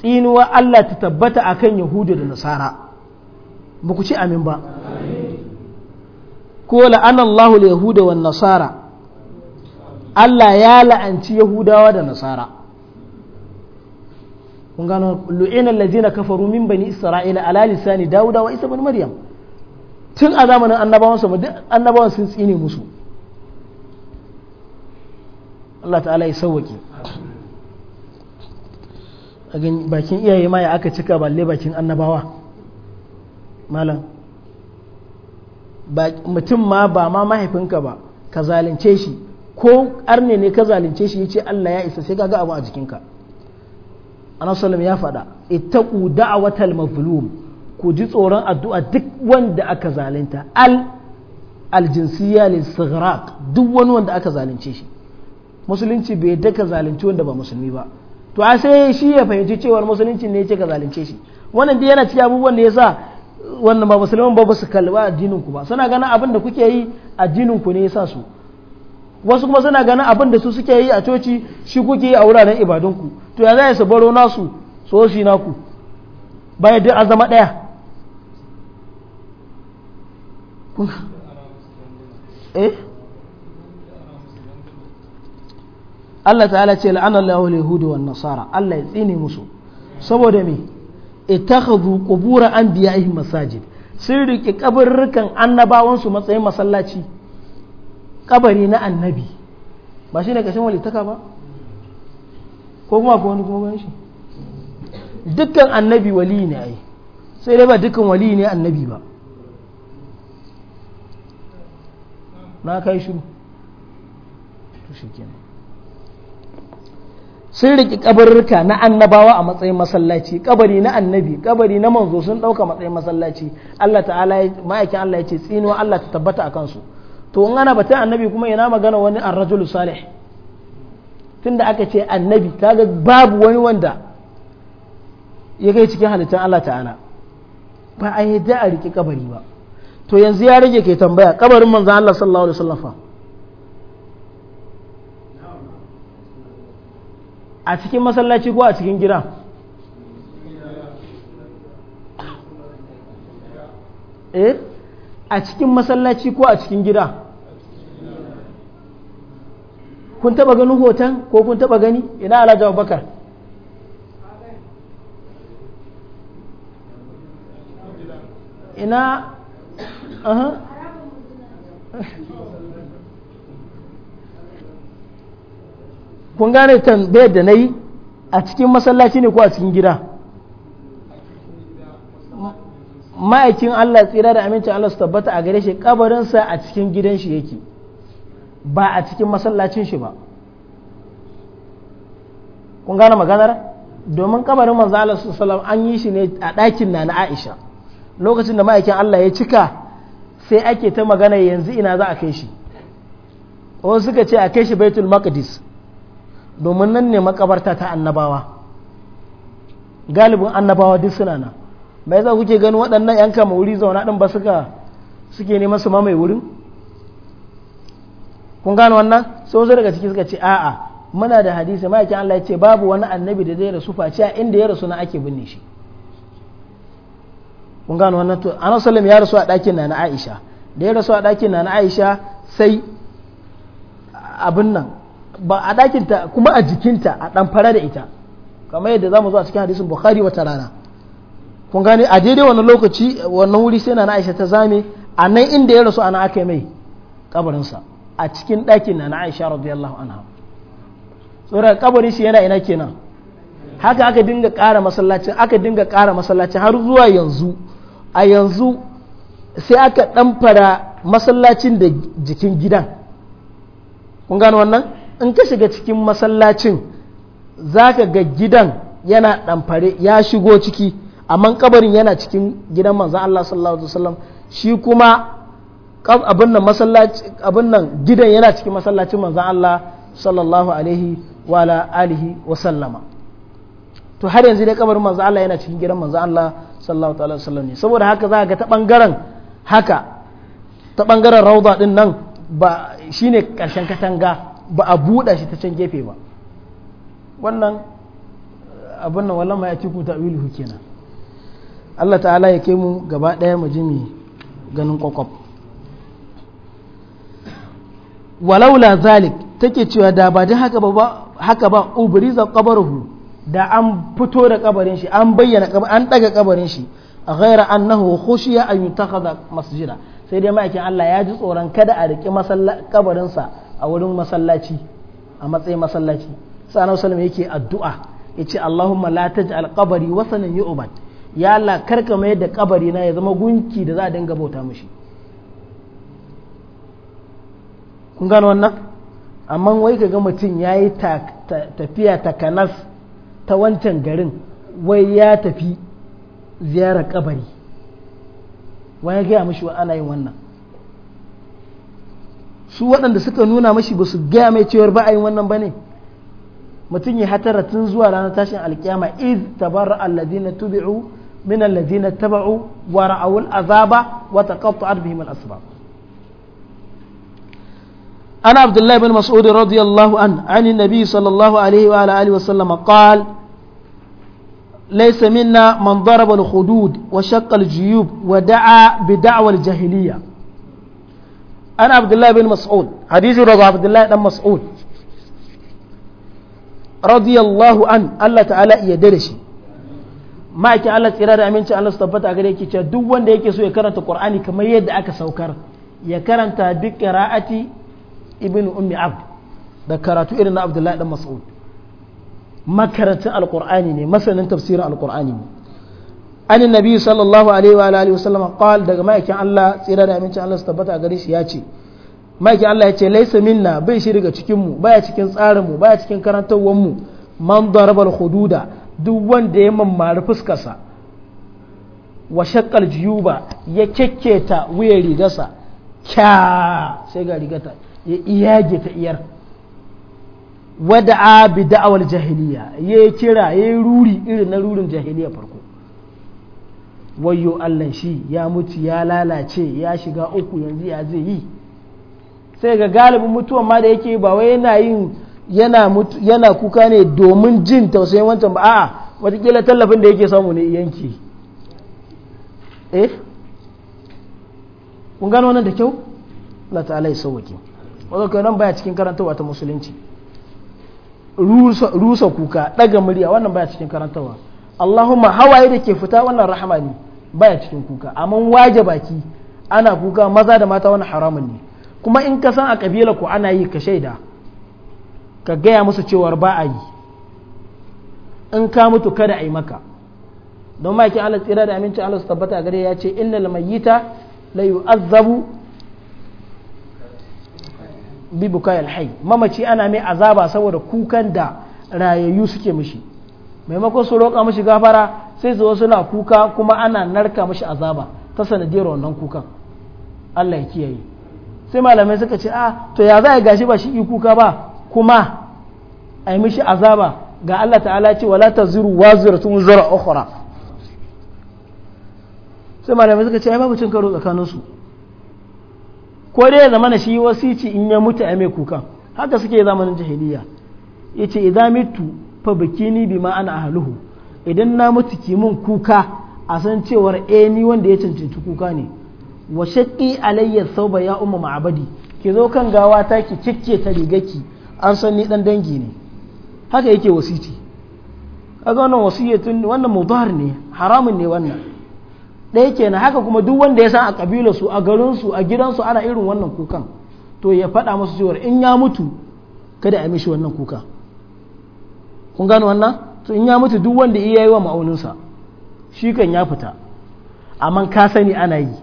S1: tsinuwa Allah ta tabbata akan yahuda da nasara ba ku ce amin ba ko la'anallahu yahuda wa nasara Allah ya la'anci yahudawa da nasara kun gano lu'ina allazina kafaru min bani isra'ila ala lisani dawuda wa isa bin maryam tun a zamanin annabawan annabawan sun tsine musu Allah ta'ala ya sauwake bakin iyaye ma ya aka cika balle bakin annabawa malam mutum ma ba ma mahaifinka ba ka zalunce shi ko arne ne ka zalunce shi ya ce Allah ya isa sai kaga abu a jikinka anasalam ya faɗa ittaqu da'watal mazlum ku ji tsoron addu'a duk wanda aka zalunta al aljinsiyya lil duk wani wanda aka zalunce shi musulunci bai yadda ka zalunci wanda ba musulmi ba to a sai shi ya fahimci cewa musulunci ne yake ka zalunce shi wannan dai yana cikin abubuwan da ya sa wannan ba musulman ba ba su kalba addinin ku ba suna ganin abin da kuke yi addinin ku ne ya sa su wasu kuma suna ganin abin da su suke yi a coci shi kuke yi a wuraren ku to ya za su baro nasu so shi naku bayan duk an zama ɗaya eh Allah ta'ala ce la'ana Allah ya yahudu wan nasara Allah ya tsine musu saboda me ittakhadhu qubur anbiya'ihim masajid sun rike kabarrukan annabawan su matsayin masallaci kabari na annabi ba shine kashin walittaka ba ko kuma ko wani kuma bayan shi dukkan annabi wali ne ai sai dai ba dukkan wali ne annabi ba na kai shiru to shikenan sun riƙi kabarurka na annabawa a matsayin masallaci kabari na annabi kabari na manzo sun ɗauka matsayin masallaci Allah ta'ala ma'aikin Allah ya ce tsino Allah ta tabbata a kansu to in ana batun annabi kuma ina magana wani arrajulu salih tunda aka ce annabi kaga babu wani wanda ya kai cikin halittar Allah ta'ala ba a yi a riƙi kabari ba to yanzu ya rage ke tambaya kabarin manzo Allah sallallahu alaihi wasallam a cikin masallaci ko a cikin gida eh? a cikin masallaci ko a cikin gida kun taba ganin hoton ko kun taba gani ina alhaji abubakar ina kun gane tambayar da na yi a cikin masallaci ne ko a cikin gida ma'aikin Allah tsira da amincin Allah su tabbata a gare shi kabarinsa a cikin gidan shi yake ba a cikin masallacin shi ba kun gane maganar domin kabarin manzo Allah salam an yi shi ne a ɗakin na na Aisha lokacin da ma'aikin Allah ya cika sai ake ta magana yanzu ina za a kai shi wasu suka ce a kai shi Baitul Maqdis domin nan ne makabarta ta annabawa galibin annabawa duk suna nan mai za kuke gani waɗannan yan kama wuri zauna ɗin ba suka suke neman su mamaye wurin kun gano wannan sun zo daga ciki suka ce a'a muna da hadisi ma'aikin Allah ya ce babu wani annabi da zai rasu face a inda ya rasu na ake binne shi kun gano wannan to Anas sallam ya rasu a ɗakin na na Aisha da ya rasu a ɗakin na na Aisha sai abin nan ba a ɗakinta kuma a jikinta a ɗan fara da ita kamar yadda za mu zo a cikin hadisin bukhari wata rana kun gane a daidai wannan lokaci wannan wuri sai na aisha ta zame a nan inda ya rasu ana aka yi mai kabarinsa a cikin ɗakin na aisha radiyallahu anha tsoron kabarin shi yana ina kenan haka aka dinga ƙara masallacin aka dinga ƙara masallaci har zuwa yanzu a yanzu sai aka ɗan fara masallacin da jikin gidan kun gane wannan in ka shiga cikin masallacin za ka ga gidan yana ɗamfare ya shigo ciki amma kabarin yana cikin gidan manzan Allah sallallahu alaihi wasallam shi kuma abin nan masallaci abin nan gidan yana cikin masallacin manzan Allah sallallahu alaihi wa ala alihi wa sallama to har yanzu dai kabarin manzan Allah yana cikin gidan manzan Allah sallallahu alaihi wasallam ne saboda haka za ga ta bangaren haka ta bangaren rauda din nan ba shine karshen katanga ba a buɗa shi ta can gefe ba wannan abin nan ma ya tiku ta wilu kenan Allah ta'ala ya kai mu gaba ɗaya mu jimi ganin kwakwaf walaula zalik take cewa da ba da haka ba haka ba ubriza qabaruhu da an fito da kabarin shi an bayyana an daga kabarin shi ghaira annahu khushiya an yutakhadha masjida sai dai ma'aikin Allah ya ji tsoron kada a riki kabarin sa a wurin masallaci a matsayin masallaci sai annabi sallallahu yake addu'a yace Allahumma la taj'al qabri wasanan yu'bad ya Allah karka mai da kabari na ya zama gunki da za a dinga bauta mushi kun gano wannan amma wai kaga mutum ya yi tafiya kanas ta wancan garin wai ya tafi ziyarar kabari ya gaya mushi ana yin wannan su waɗanda suka nuna mashi ba su gaya mai cewar ba a yi wannan ba ne mutum ya hatara tun zuwa ranar tashin alkiyama iz tabarra alladhi na tubi'u min alladhi na taba'u wa ra'awul azaba wa taqatta'at bihim al-asbab ana abdullahi bin mas'ud radiyallahu an an nabi sallallahu alaihi wa ala alihi wa sallam qal laysa minna man daraba al-hudud wa shaqqa al-juyub wa da'a bi da'wa al ana abdullahi bin mas'ud hadisin daga abdullahi dan mas'ud radiyallahu an Allah ta'ala iya da shi ma'aikin Allah tsira da amincin Allah su tabbata a gare yake cewa duk wanda yake so ya karanta Qur'ani kamar yadda aka saukar ya karanta bi qira'ati ibn ummi abd da karatu irin na abdullahi dan mas'ud makarantar alqur'ani ne masanin tafsirin alqur'ani ne an nabi sallallahu alaihi wa alihi wasallam qal daga ma'aikin Allah tsira da amincin Allah su tabbata a gare shi ya ce ma'aikin Allah ya ce laisa minna bai shi daga cikin mu baya cikin tsarin mu baya cikin karantawan mu man darabal hududa duk wanda ya mammari fuskarsa wa jiyu ba ya kekketa wuyar rigarsa kya sai ga rigata ya iyage ta iyar wada'a bi da'awar jahiliya ya kira ya ruri irin na rurin jahiliya farko wayo Allah shi ya mutu ya lalace ya shiga uku yanzu ya zai yi sai ga galibin mutuwan ma da yake ba wai yana yin yana kuka ne domin jin tausayin wancan ba a'a watakila tallafin da yake samu ne yanki eh kun gano wannan da kyau Allah ta'ala ya sauwake wanda kai nan baya cikin karantawa ta musulunci rusa kuka daga murya wannan baya cikin karantawa Allahumma hawaye da ke fita wannan rahama ne baya cikin kuka amma waje baki ana kuka maza da mata wannan haramun ne kuma in ka san a kabila ku ana yi ka shaida ka gaya musu cewar ba a yi in ka mutu kada a yi maka don maki Allah tsira da amincin Allah su tabbata gare ya ce innal mayyita la yu'azzabu bi kayan hayy mamaci ana mai azaba saboda kukan da rayayyu suke mishi maimakon su roƙa mashi gafara sai su suna kuka kuma ana narka mashi azaba ta sanadiyar wannan kukan Allah ya kiyaye sai malamai suka ce a ah, to ya za a gashi ba shi yi kuka ba kuma a yi mashi azaba ga Allah ta'ala ce wala taziru waziratun zura ukhra sai malamai suka ce ai babu cin karo tsakanin su ko dai ya zama na shi wasici in ya mutu a mai kukan haka suke zamanin jahiliya yace idan mitu fa bi ma ana ahluhu idan na mutu ki mun kuka a san cewar eh ni wanda ya cancanci kuka ne wa shaqqi alayya sauba ya umma ma'abadi ki zo kan gawa ta ki cikke ta rigaki an san ni dan dangi ne haka yake wasiti kaga wannan wasiyatun wannan mudhar ne haramun ne wannan ɗaya kenan haka kuma duk wanda ya san a kabilarsu a garinsu a gidansu ana irin wannan kukan to ya faɗa musu cewar in ya mutu kada a mishi wannan kuka kun gano wannan to in ya mutu duk wanda iya yi wa ma'auninsa shi kan ya fita amma ka sani ana yi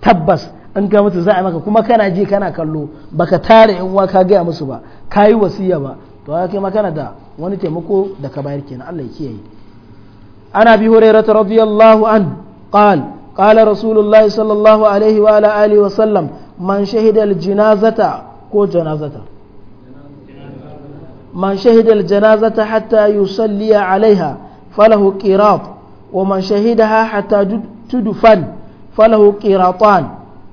S1: tabbas in ka mutu za a maka kuma kana ji kana kallo baka tare yan uwa ka gaya musu ba ka yi wasiya ba to haka kai makana da wani taimako da ka bayar kenan Allah ya kiyaye ana bi hurairah radiyallahu an qal qala rasulullah sallallahu alaihi wa alihi wa sallam man shahida al janazata ko janazata من شهد الجنازة حتى يصلي عليها فله قيراط ومن شهدها حتى تدفن فله قيراطان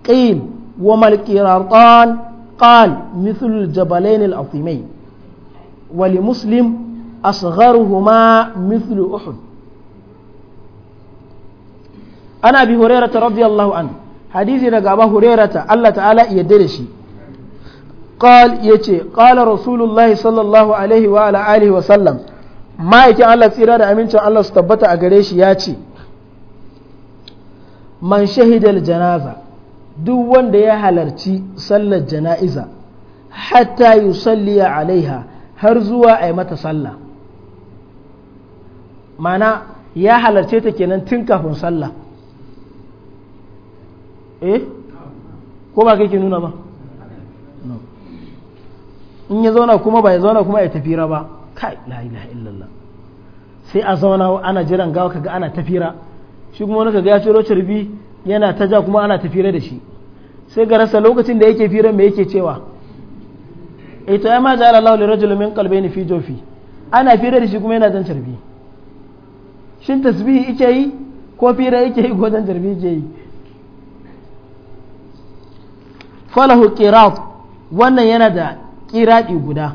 S1: قيل وما القيراطان قال مثل الجبلين العظيمين ولمسلم أصغرهما مثل أحد أنا أبي هريرة رضي الله عنه حديثي لقى أبا هريرة الله تعالى يدرشي قال يتي قال رسول الله صلى الله عليه وعلى آله وسلم ما يكي الله تسيرا دا أمين الله ستبتا أغريش ياتي من شهد الجنازة duk wanda ya halarci sallar jana'iza hatta yusalliya alaiha har zuwa a yi mata sallah mana ya halarce ta kenan tun kafin sallah eh ko ba kake nuna ba in ya zauna kuma ba ya zauna kuma ya tafira ba kai la ilaha illallah sai a zauna ana jiran gawa kaga ana tafira shi kuma wani kaga ya ciro cirbi yana ta ja kuma ana tafira da shi sai ga rasa lokacin da yake firan me yake cewa eh to ya ma ja'ala Allahu li rajul min qalbayni fi jawfi ana fira da shi kuma yana jan cirbi shin tasbihi yake yi ko fira yake yi ko jan cirbi yake yi falahu qirat wannan yana da kiraɗi guda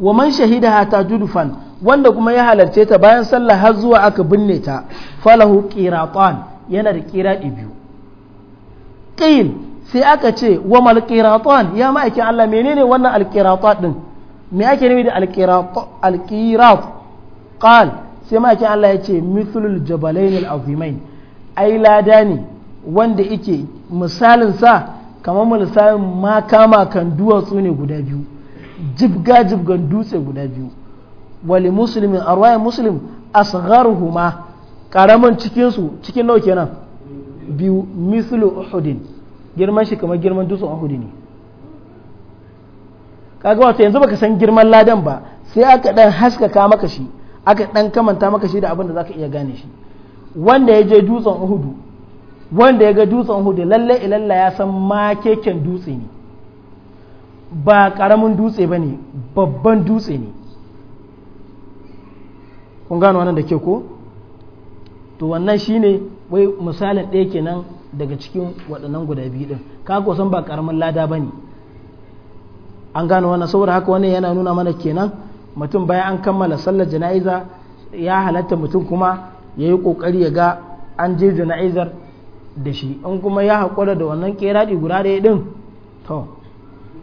S1: wa man shahida hata judufan wanda kuma ya halarce ta bayan sallah har zuwa aka binne ta falahu qiratan yana da kiraɗi biyu qil sai aka ce wa mal qiratan ya ma'aikin Allah menene wannan al qiratan din me ake nufi da al qirat al qirat qal sai ma'aikin Allah ya ce mithlul jabalain al azimain ai lada ne wanda yake misalin sa kamar mu lissafin makama kan duwatsu ne guda biyu jibga jibgan dutse guda biyu wali musulmin arwayin muslim asgharuhuma karamin cikin su cikin nau kenan biyu mislu uhudin girman shi kamar girman dutsen uhudi ne kaga wato yanzu baka san girman ladan ba sai aka dan haskaka maka shi aka dan kamanta maka shi da abin da zaka iya gane shi wanda ya je dutsen uhudu wanda ya ga dutsen hudu lalle ilalla ya san makeken dutse ne ba karamin dutse ba ne babban dutse ne kun gano wannan da ke ko to wannan shine wai misalin ɗaya kenan daga cikin waɗannan guda biyu ɗin kaga san ba karamin lada ba ne an gano wannan saboda haka wannan yana nuna mana kenan mutum bayan an kammala sallar jana'iza ya halatta mutum kuma ya yi ƙoƙari ya ga an je jana'izar da shi an kuma ya haƙura da wannan ƙeraɗi guda ɗaya ɗin to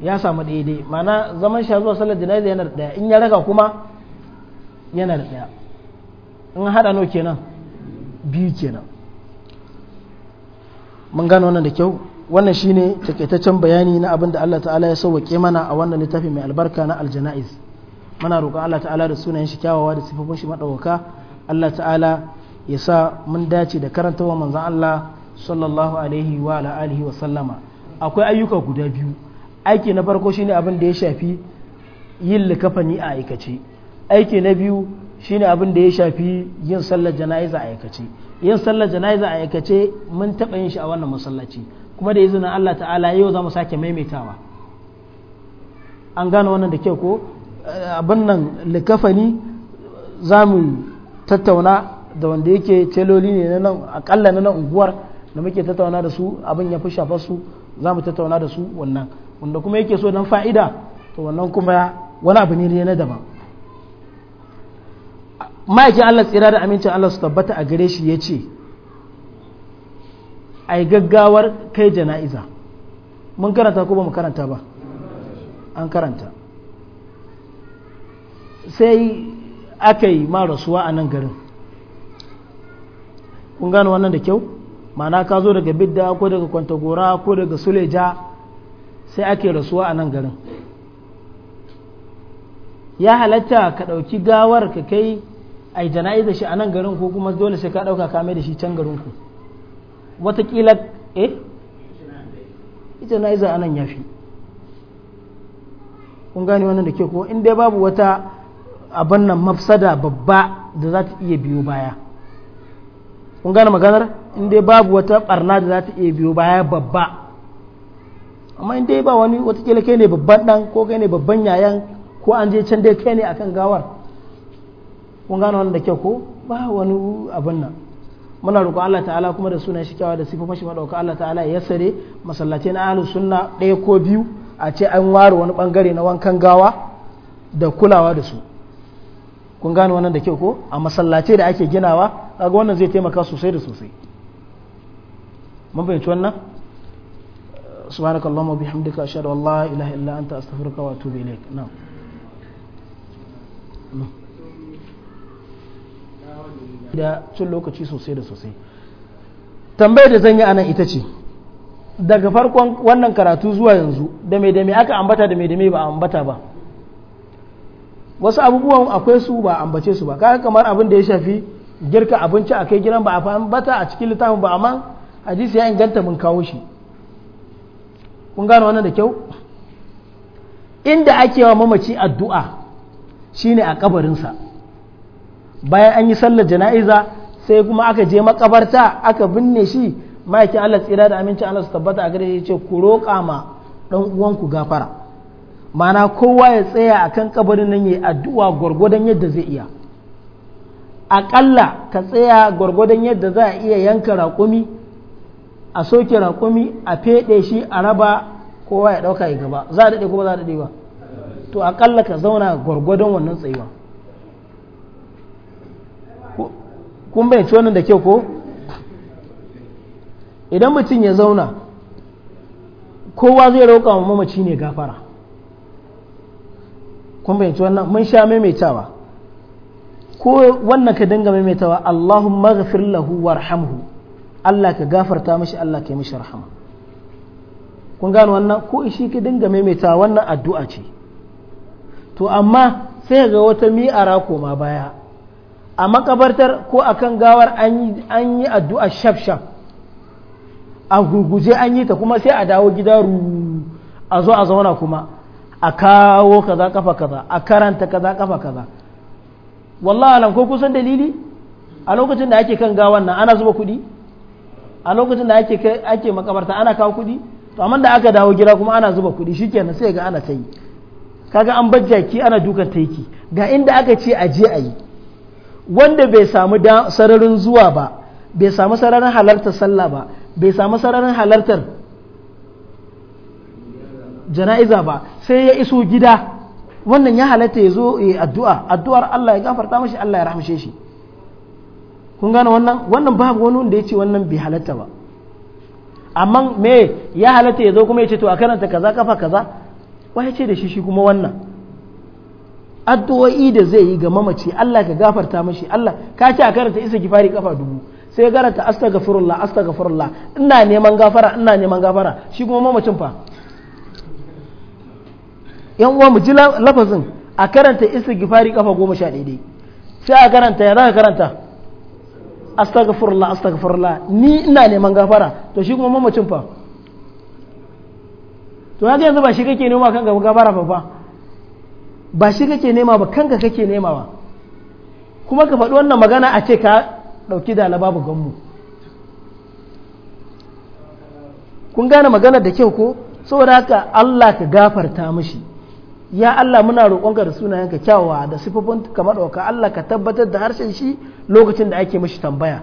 S1: ya samu daidai mana zaman sha zuwa sallar jana'iza yana da ɗaya in ya raga kuma yana da ɗaya in haɗa no kenan biyu kenan mun gano wannan da kyau wannan shine takaitaccen bayani na abin da Allah ta'ala ya sauwaƙe mana a wannan littafi mai albarka na aljana'iz muna roƙon Allah ta'ala da sunayen shi kyawawa da sifofin shi madawaka Allah ta'ala ya sa mun dace da karantawa manzon Allah sallallahu alaihi wa alihi wa sallama akwai ayyuka guda biyu aiki na farko shine abin da ya shafi yin likafani a aikace aiki na biyu shine abin da ya shafi yin sallar jana'iza a aikace yin sallar jana'iza a aikace mun taɓa yin shi a wannan masallaci kuma da izinin Allah ta'ala yau zamu mu sake maimaitawa an gane wannan da kyau ko abin nan likafani za mu tattauna da wanda yake celoli ne na nan akalla na nan unguwar da muke tattauna da su abin ya fi shafar su za mu tattauna da su wannan wanda kuma yake so don fa'ida to wannan kuma wani abu ne na daban ma'aikin Allah tsira da amincin Allah su tabbata a gare shi ya ce a yi gaggawar kai jana'iza mun karanta ko ba mu karanta ba an karanta sai aka yi ma rasuwa a nan garin kun gano wannan da kyau mana ka zo daga bidda ko daga kwantagora ko daga suleja sai ake rasuwa a nan garin ya halatta ka ɗauki gawar ka kai a yi da shi a nan garin ko kuma dole sai ka ɗauka kame da shi can garin ku watakila eh jana'iza a nan ya fi kun gane wannan da ke ko in dai babu wata abin nan mafsada babba da za ta iya biyo baya kun gane maganar in dai babu wata barna da za ta iya biyo baya babba amma in dai ba wani watakila kai ne babban dan ko kai ne babban yayan ko an je can dai kai ne akan gawar kun gane wannan da kyau ko ba wani abin nan muna roƙo Allah ta'ala kuma da sunan shi kyawa da sifofin shi madauka Allah ta'ala ya sare masallaci na ahlus sunna ɗaya ko biyu a ce an ware wani bangare na wankan gawa da kulawa da su kun gane wannan da kyau ko a masallaci da ake ginawa kaga wannan zai taimaka sosai da sosai mun fahimci wannan subhanakallahumma bihamdika ashhadu an la ilaha illa anta astaghfiruka wa atubu ilaik na'am da cin lokaci sosai da sosai tambayar da zan yi anan ita ce daga farkon wannan karatu zuwa yanzu da mai da mai aka ambata da mai da mai ba ambata ba wasu abubuwan akwai su ba ambace su ba kaga kamar abin da ya shafi girka abinci a kai gidan ba a fahimta a cikin littafin ba amma hadisi ya inganta mun kawo shi kun gano wannan da kyau inda ake wa mamaci addu'a shine a kabarinsa bayan an yi sallar jana'iza sai kuma aka je makabarta aka binne shi ma'aikin Allah tsira da aminci Allah su tabbata a gare shi ce ku roƙa ma dan uwanku gafara mana kowa ya tsaya akan kabarin nan yayi addu'a gwargwadon yadda zai iya aƙalla ka tsaya gwargwadon yadda za a iya yanka raƙumi a soke raƙumi a feɗe shi a raba kowa ya ɗauka ya gaba za a daɗe kuma za a daɗe ba to aƙalla ka zauna gwargwadon wannan tsayuwa kun ci wannan da kyau ko idan mutum ya zauna kowa zai rauka wa mamaci ne gafara kun ci wannan mun sha maimaitawa ko wannan ka dinga maimaitawa Allahumma ghafir lahu warhamhu Allah ka gafarta mashi Allah ka yi mashi rahama kun gano wannan ko shi ka dinga maimaitawa wannan addu'a ce to amma sai ga wata mi'ara koma baya a makabartar ko akan gawar an yi addu'a shaf shaf a gurguje an yi ta kuma sai a dawo gida ru a zo a zauna kuma a kawo kaza kafa kaza a karanta kaza kafa kaza wallahi alam ko kusan dalili a lokacin da ake kan gawan nan ana zuba kuɗi a lokacin da ake ake makabarta ana kawo kuɗi to amma da aka dawo gida kuma ana zuba kuɗi shikenan sai ga ana ta yi kaga an ki ana dukan taiki ga inda aka ce a je a yi wanda bai samu sararin zuwa ba bai samu sararin halartar sallah ba bai samu sararin halartar jana'iza ba sai ya iso gida wannan ya halatta ya zo ya addu'a addu'ar Allah ya gafarta mashi Allah ya rahmashe shi kun gane wannan wannan babu wani wanda ya ce wannan bai halatta ba amma me ya halatta ya zo kuma ya ce to a karanta kaza kafa kaza wai ce da shi shi kuma wannan addu'o'i da zai yi ga mamaci Allah ka gafarta mashi Allah ka ce a karanta isa kifari kafa dubu sai karanta astaghfirullah astaghfirullah ina neman gafara ina neman gafara shi kuma mamacin fa yan uwa mu ji lafazin a karanta istighfari kafa goma sha daidai sai a karanta ya za ka karanta astaghfirullah astaghfirullah ni ina neman gafara to shi kuma mamacin fa to haka yanzu ba shi kake nema kanka gafara fa fa ba shi kake nema ba kanka kake nema ba kuma ka faɗi wannan magana a ce ka ɗauki da babu mu kun gane magana da kyau ko saboda haka Allah ka gafarta mishi ya Allah muna roƙonka da sunayenka kyawawa da sifofin kamar ɗauka Allah ka tabbatar da harshen shi lokacin da ake mashi tambaya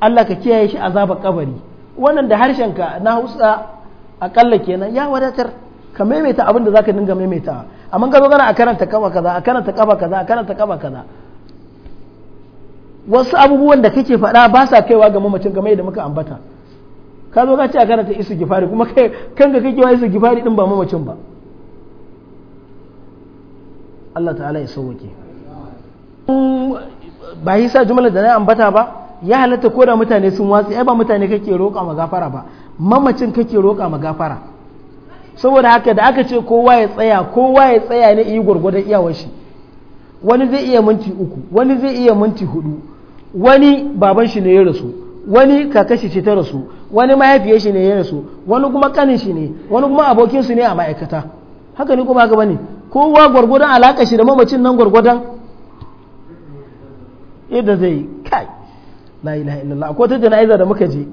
S1: Allah ka kiyaye shi azabar kabari wannan da harshen ka na Hausa akalla kenan ya wadatar ka maimaita abin da zaka dinga maimaitawa amma ka zo kana a karanta kafa kaza a karanta kafa kaza a karanta kafa kaza wasu abubuwan da kake faɗa ba sa kaiwa ga mamacin game da muka ambata ka zo ka ce a karanta isu gifari kuma kai kanka kake wa isu gifari din ba mamacin ba Allah ta'ala ya sauwake ba yi sa jumla da na ambata ba ya halatta ko da mutane sun watsi ai ba mutane kake roƙa ma gafara ba mamacin kake roƙa ma gafara saboda haka da aka ce kowa ya tsaya kowa ya tsaya ne iya gwargwadon iyawar shi wani zai iya minti uku wani zai iya minti hudu wani baban shi ne ya rasu wani kakashi ce ta rasu wani mahaifiyar shi ne ya rasu wani kuma kanin shi ne wani kuma abokin ne a ma'aikata haka ni kuma gaba ne. kowa gwargwadon alaƙa shi da mamacin nan gwargwadon yadda zai yi kai la ilaha illallah akwai ta jana'iza da muka je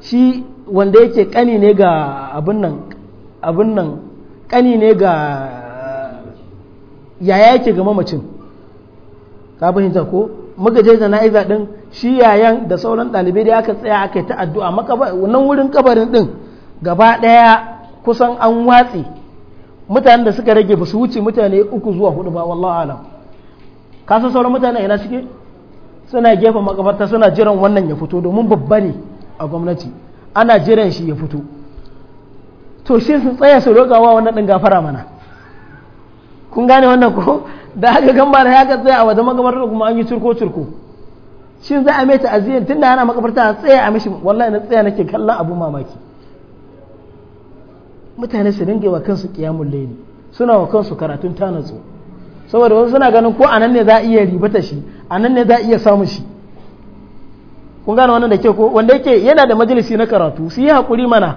S1: shi wanda yake kani ne ga abin nan abin nan kani ne ga yaya yake ga mamacin ka fahimta ko muka je jana'iza din shi yayan da sauran ɗalibai da aka tsaya aka yi ta addu'a nan wurin kabarin din gaba ɗaya kusan an watsi mutanen da suka rage ba su wuce mutane uku zuwa hudu ba wallahu alam ka san sauran mutane ina suke suna gefen makabarta suna jiran wannan ya fito domin babba ne a gwamnati ana jiran shi ya fito to shi sun tsaya su roƙawa wannan ɗin gafara mana kun gane wannan ko da aka gamba da haka tsaya a wajen makabarta kuma an yi turko turko shin za a mai ta'aziyyar tun da ana makabarta a tsaya a mishi wallahi na tsaya nake kallon abu mamaki mutane su dinga wa kansu kiyamun laili suna wa kansu karatun tanazu saboda wasu suna ganin ko anan ne za a iya ribata shi anan ne za a iya samun shi kun gane wannan da ke ko wanda yake yana da majalisi na karatu su yi hakuri mana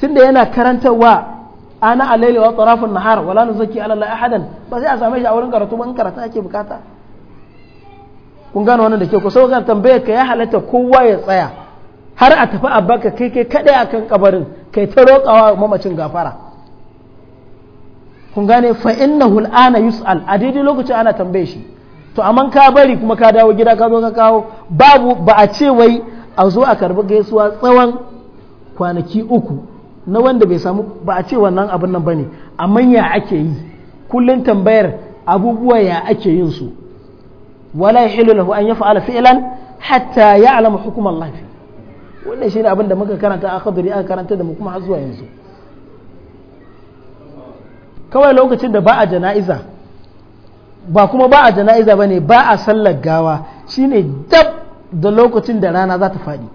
S1: tunda yana karantarwa ana alaili wa tarafin nahar wala zaki ala la ahadan ba sai a same shi a wurin karatu ba in karatu ake bukata kun gane wannan da ke ko saboda tambayar ka ya halatta kowa ya tsaya har a tafi abaka kai kai kadai kan kabarin kai ta roƙawa mamacin gafara kun gane fa innahu hul'ana yus'al a daidai lokacin ana tambaye shi to amma ka bari kuma ka dawo gida ka zo ka kawo babu ba a ce wai a zo a karbi gaisuwa tsawon kwanaki uku na wanda bai samu ba a ce wannan abin nan bane amma ya ake yi kullum tambayar abubuwa ya ake yin su wala yahilu lahu an yaf'ala fi'lan hatta ya'lamu alama Allah wannan shi ne abin da muka karanta a kaduri aka karanta da mu kuma har zuwa yanzu kawai lokacin da ba a jana'iza ba kuma ba a jana'iza bane ba a sallar gawa shine dab da lokacin da rana za ta faɗi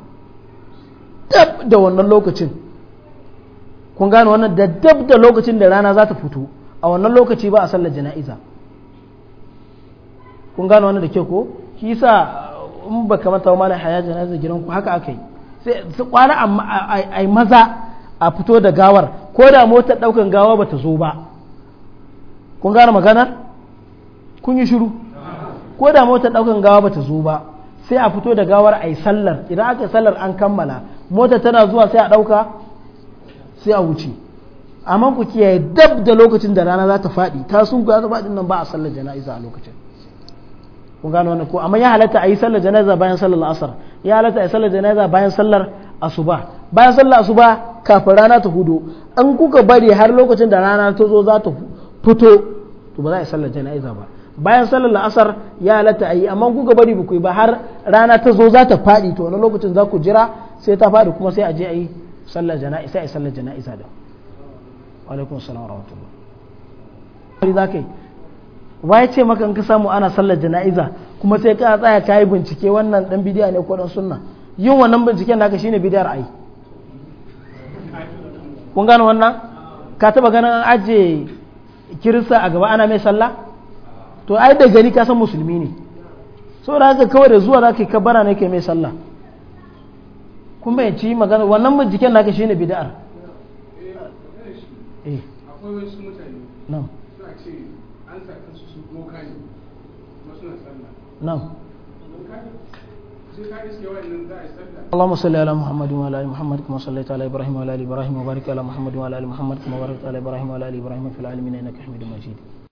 S1: dab da wannan lokacin kun gane wannan da dab da lokacin da rana za ta fito a wannan lokaci ba a sallar jana'iza kun gane wannan da ke ko shi yasa in ba kamata wa malai haya jana'iza gidan ku haka aka yi su kwara a maza a fito da gawar ko da motar daukan gawa ba ta zo ba kun gane maganar kun yi shiru ko da motar daukan gawa ba ta zo ba sai a fito da gawar a yi sallar idan aka yi sallar an kammala motar tana zuwa sai a dauka sai a wuce amma ku kiyaye dab da lokacin da rana za ta faɗi ta sun ku za nan ba a sallar jana'iza a lokacin kun gano wannan ko amma ya halatta a yi sallar janaza bayan sallar asar ya halatta a yi sallar janaza bayan sallar asuba bayan sallar asuba kafin rana ta hudu an kuka bari har lokacin da rana ta zo za ta fito to ba za a yi sallar janaza ba bayan sallar la'asar ya halatta a yi amma kuka bari ba ku ba har rana ta zo za ta faɗi to wani lokacin za ku jira sai ta faɗi kuma sai a je a yi sallar jana'iza sai a yi sallar jana'iza da alaikum salam wa rahmatullah waye ce maka in ka samu ana sallar jana'iza kuma sai ka tsaya ka yi bincike wannan dan bidiya ne ko dan sunna yin wannan binciken naka shine bidiyar ai kun gane wannan ka taba ganin an aje kirista a gaba ana mai sallah to ai da gani ka san musulmi ne saboda haka kawai da zuwa zaka bara ne ke mai sallah kun ci magana wannan binciken naka shine bidiyar eh akwai wasu mutane na'am nan اللهم صل على محمد وعلى ال محمد كما صليت على ابراهيم وعلى ال ابراهيم وبارك على محمد وعلى ال محمد كما باركت على ابراهيم وعلى ال ابراهيم في العالمين انك حميد مجيد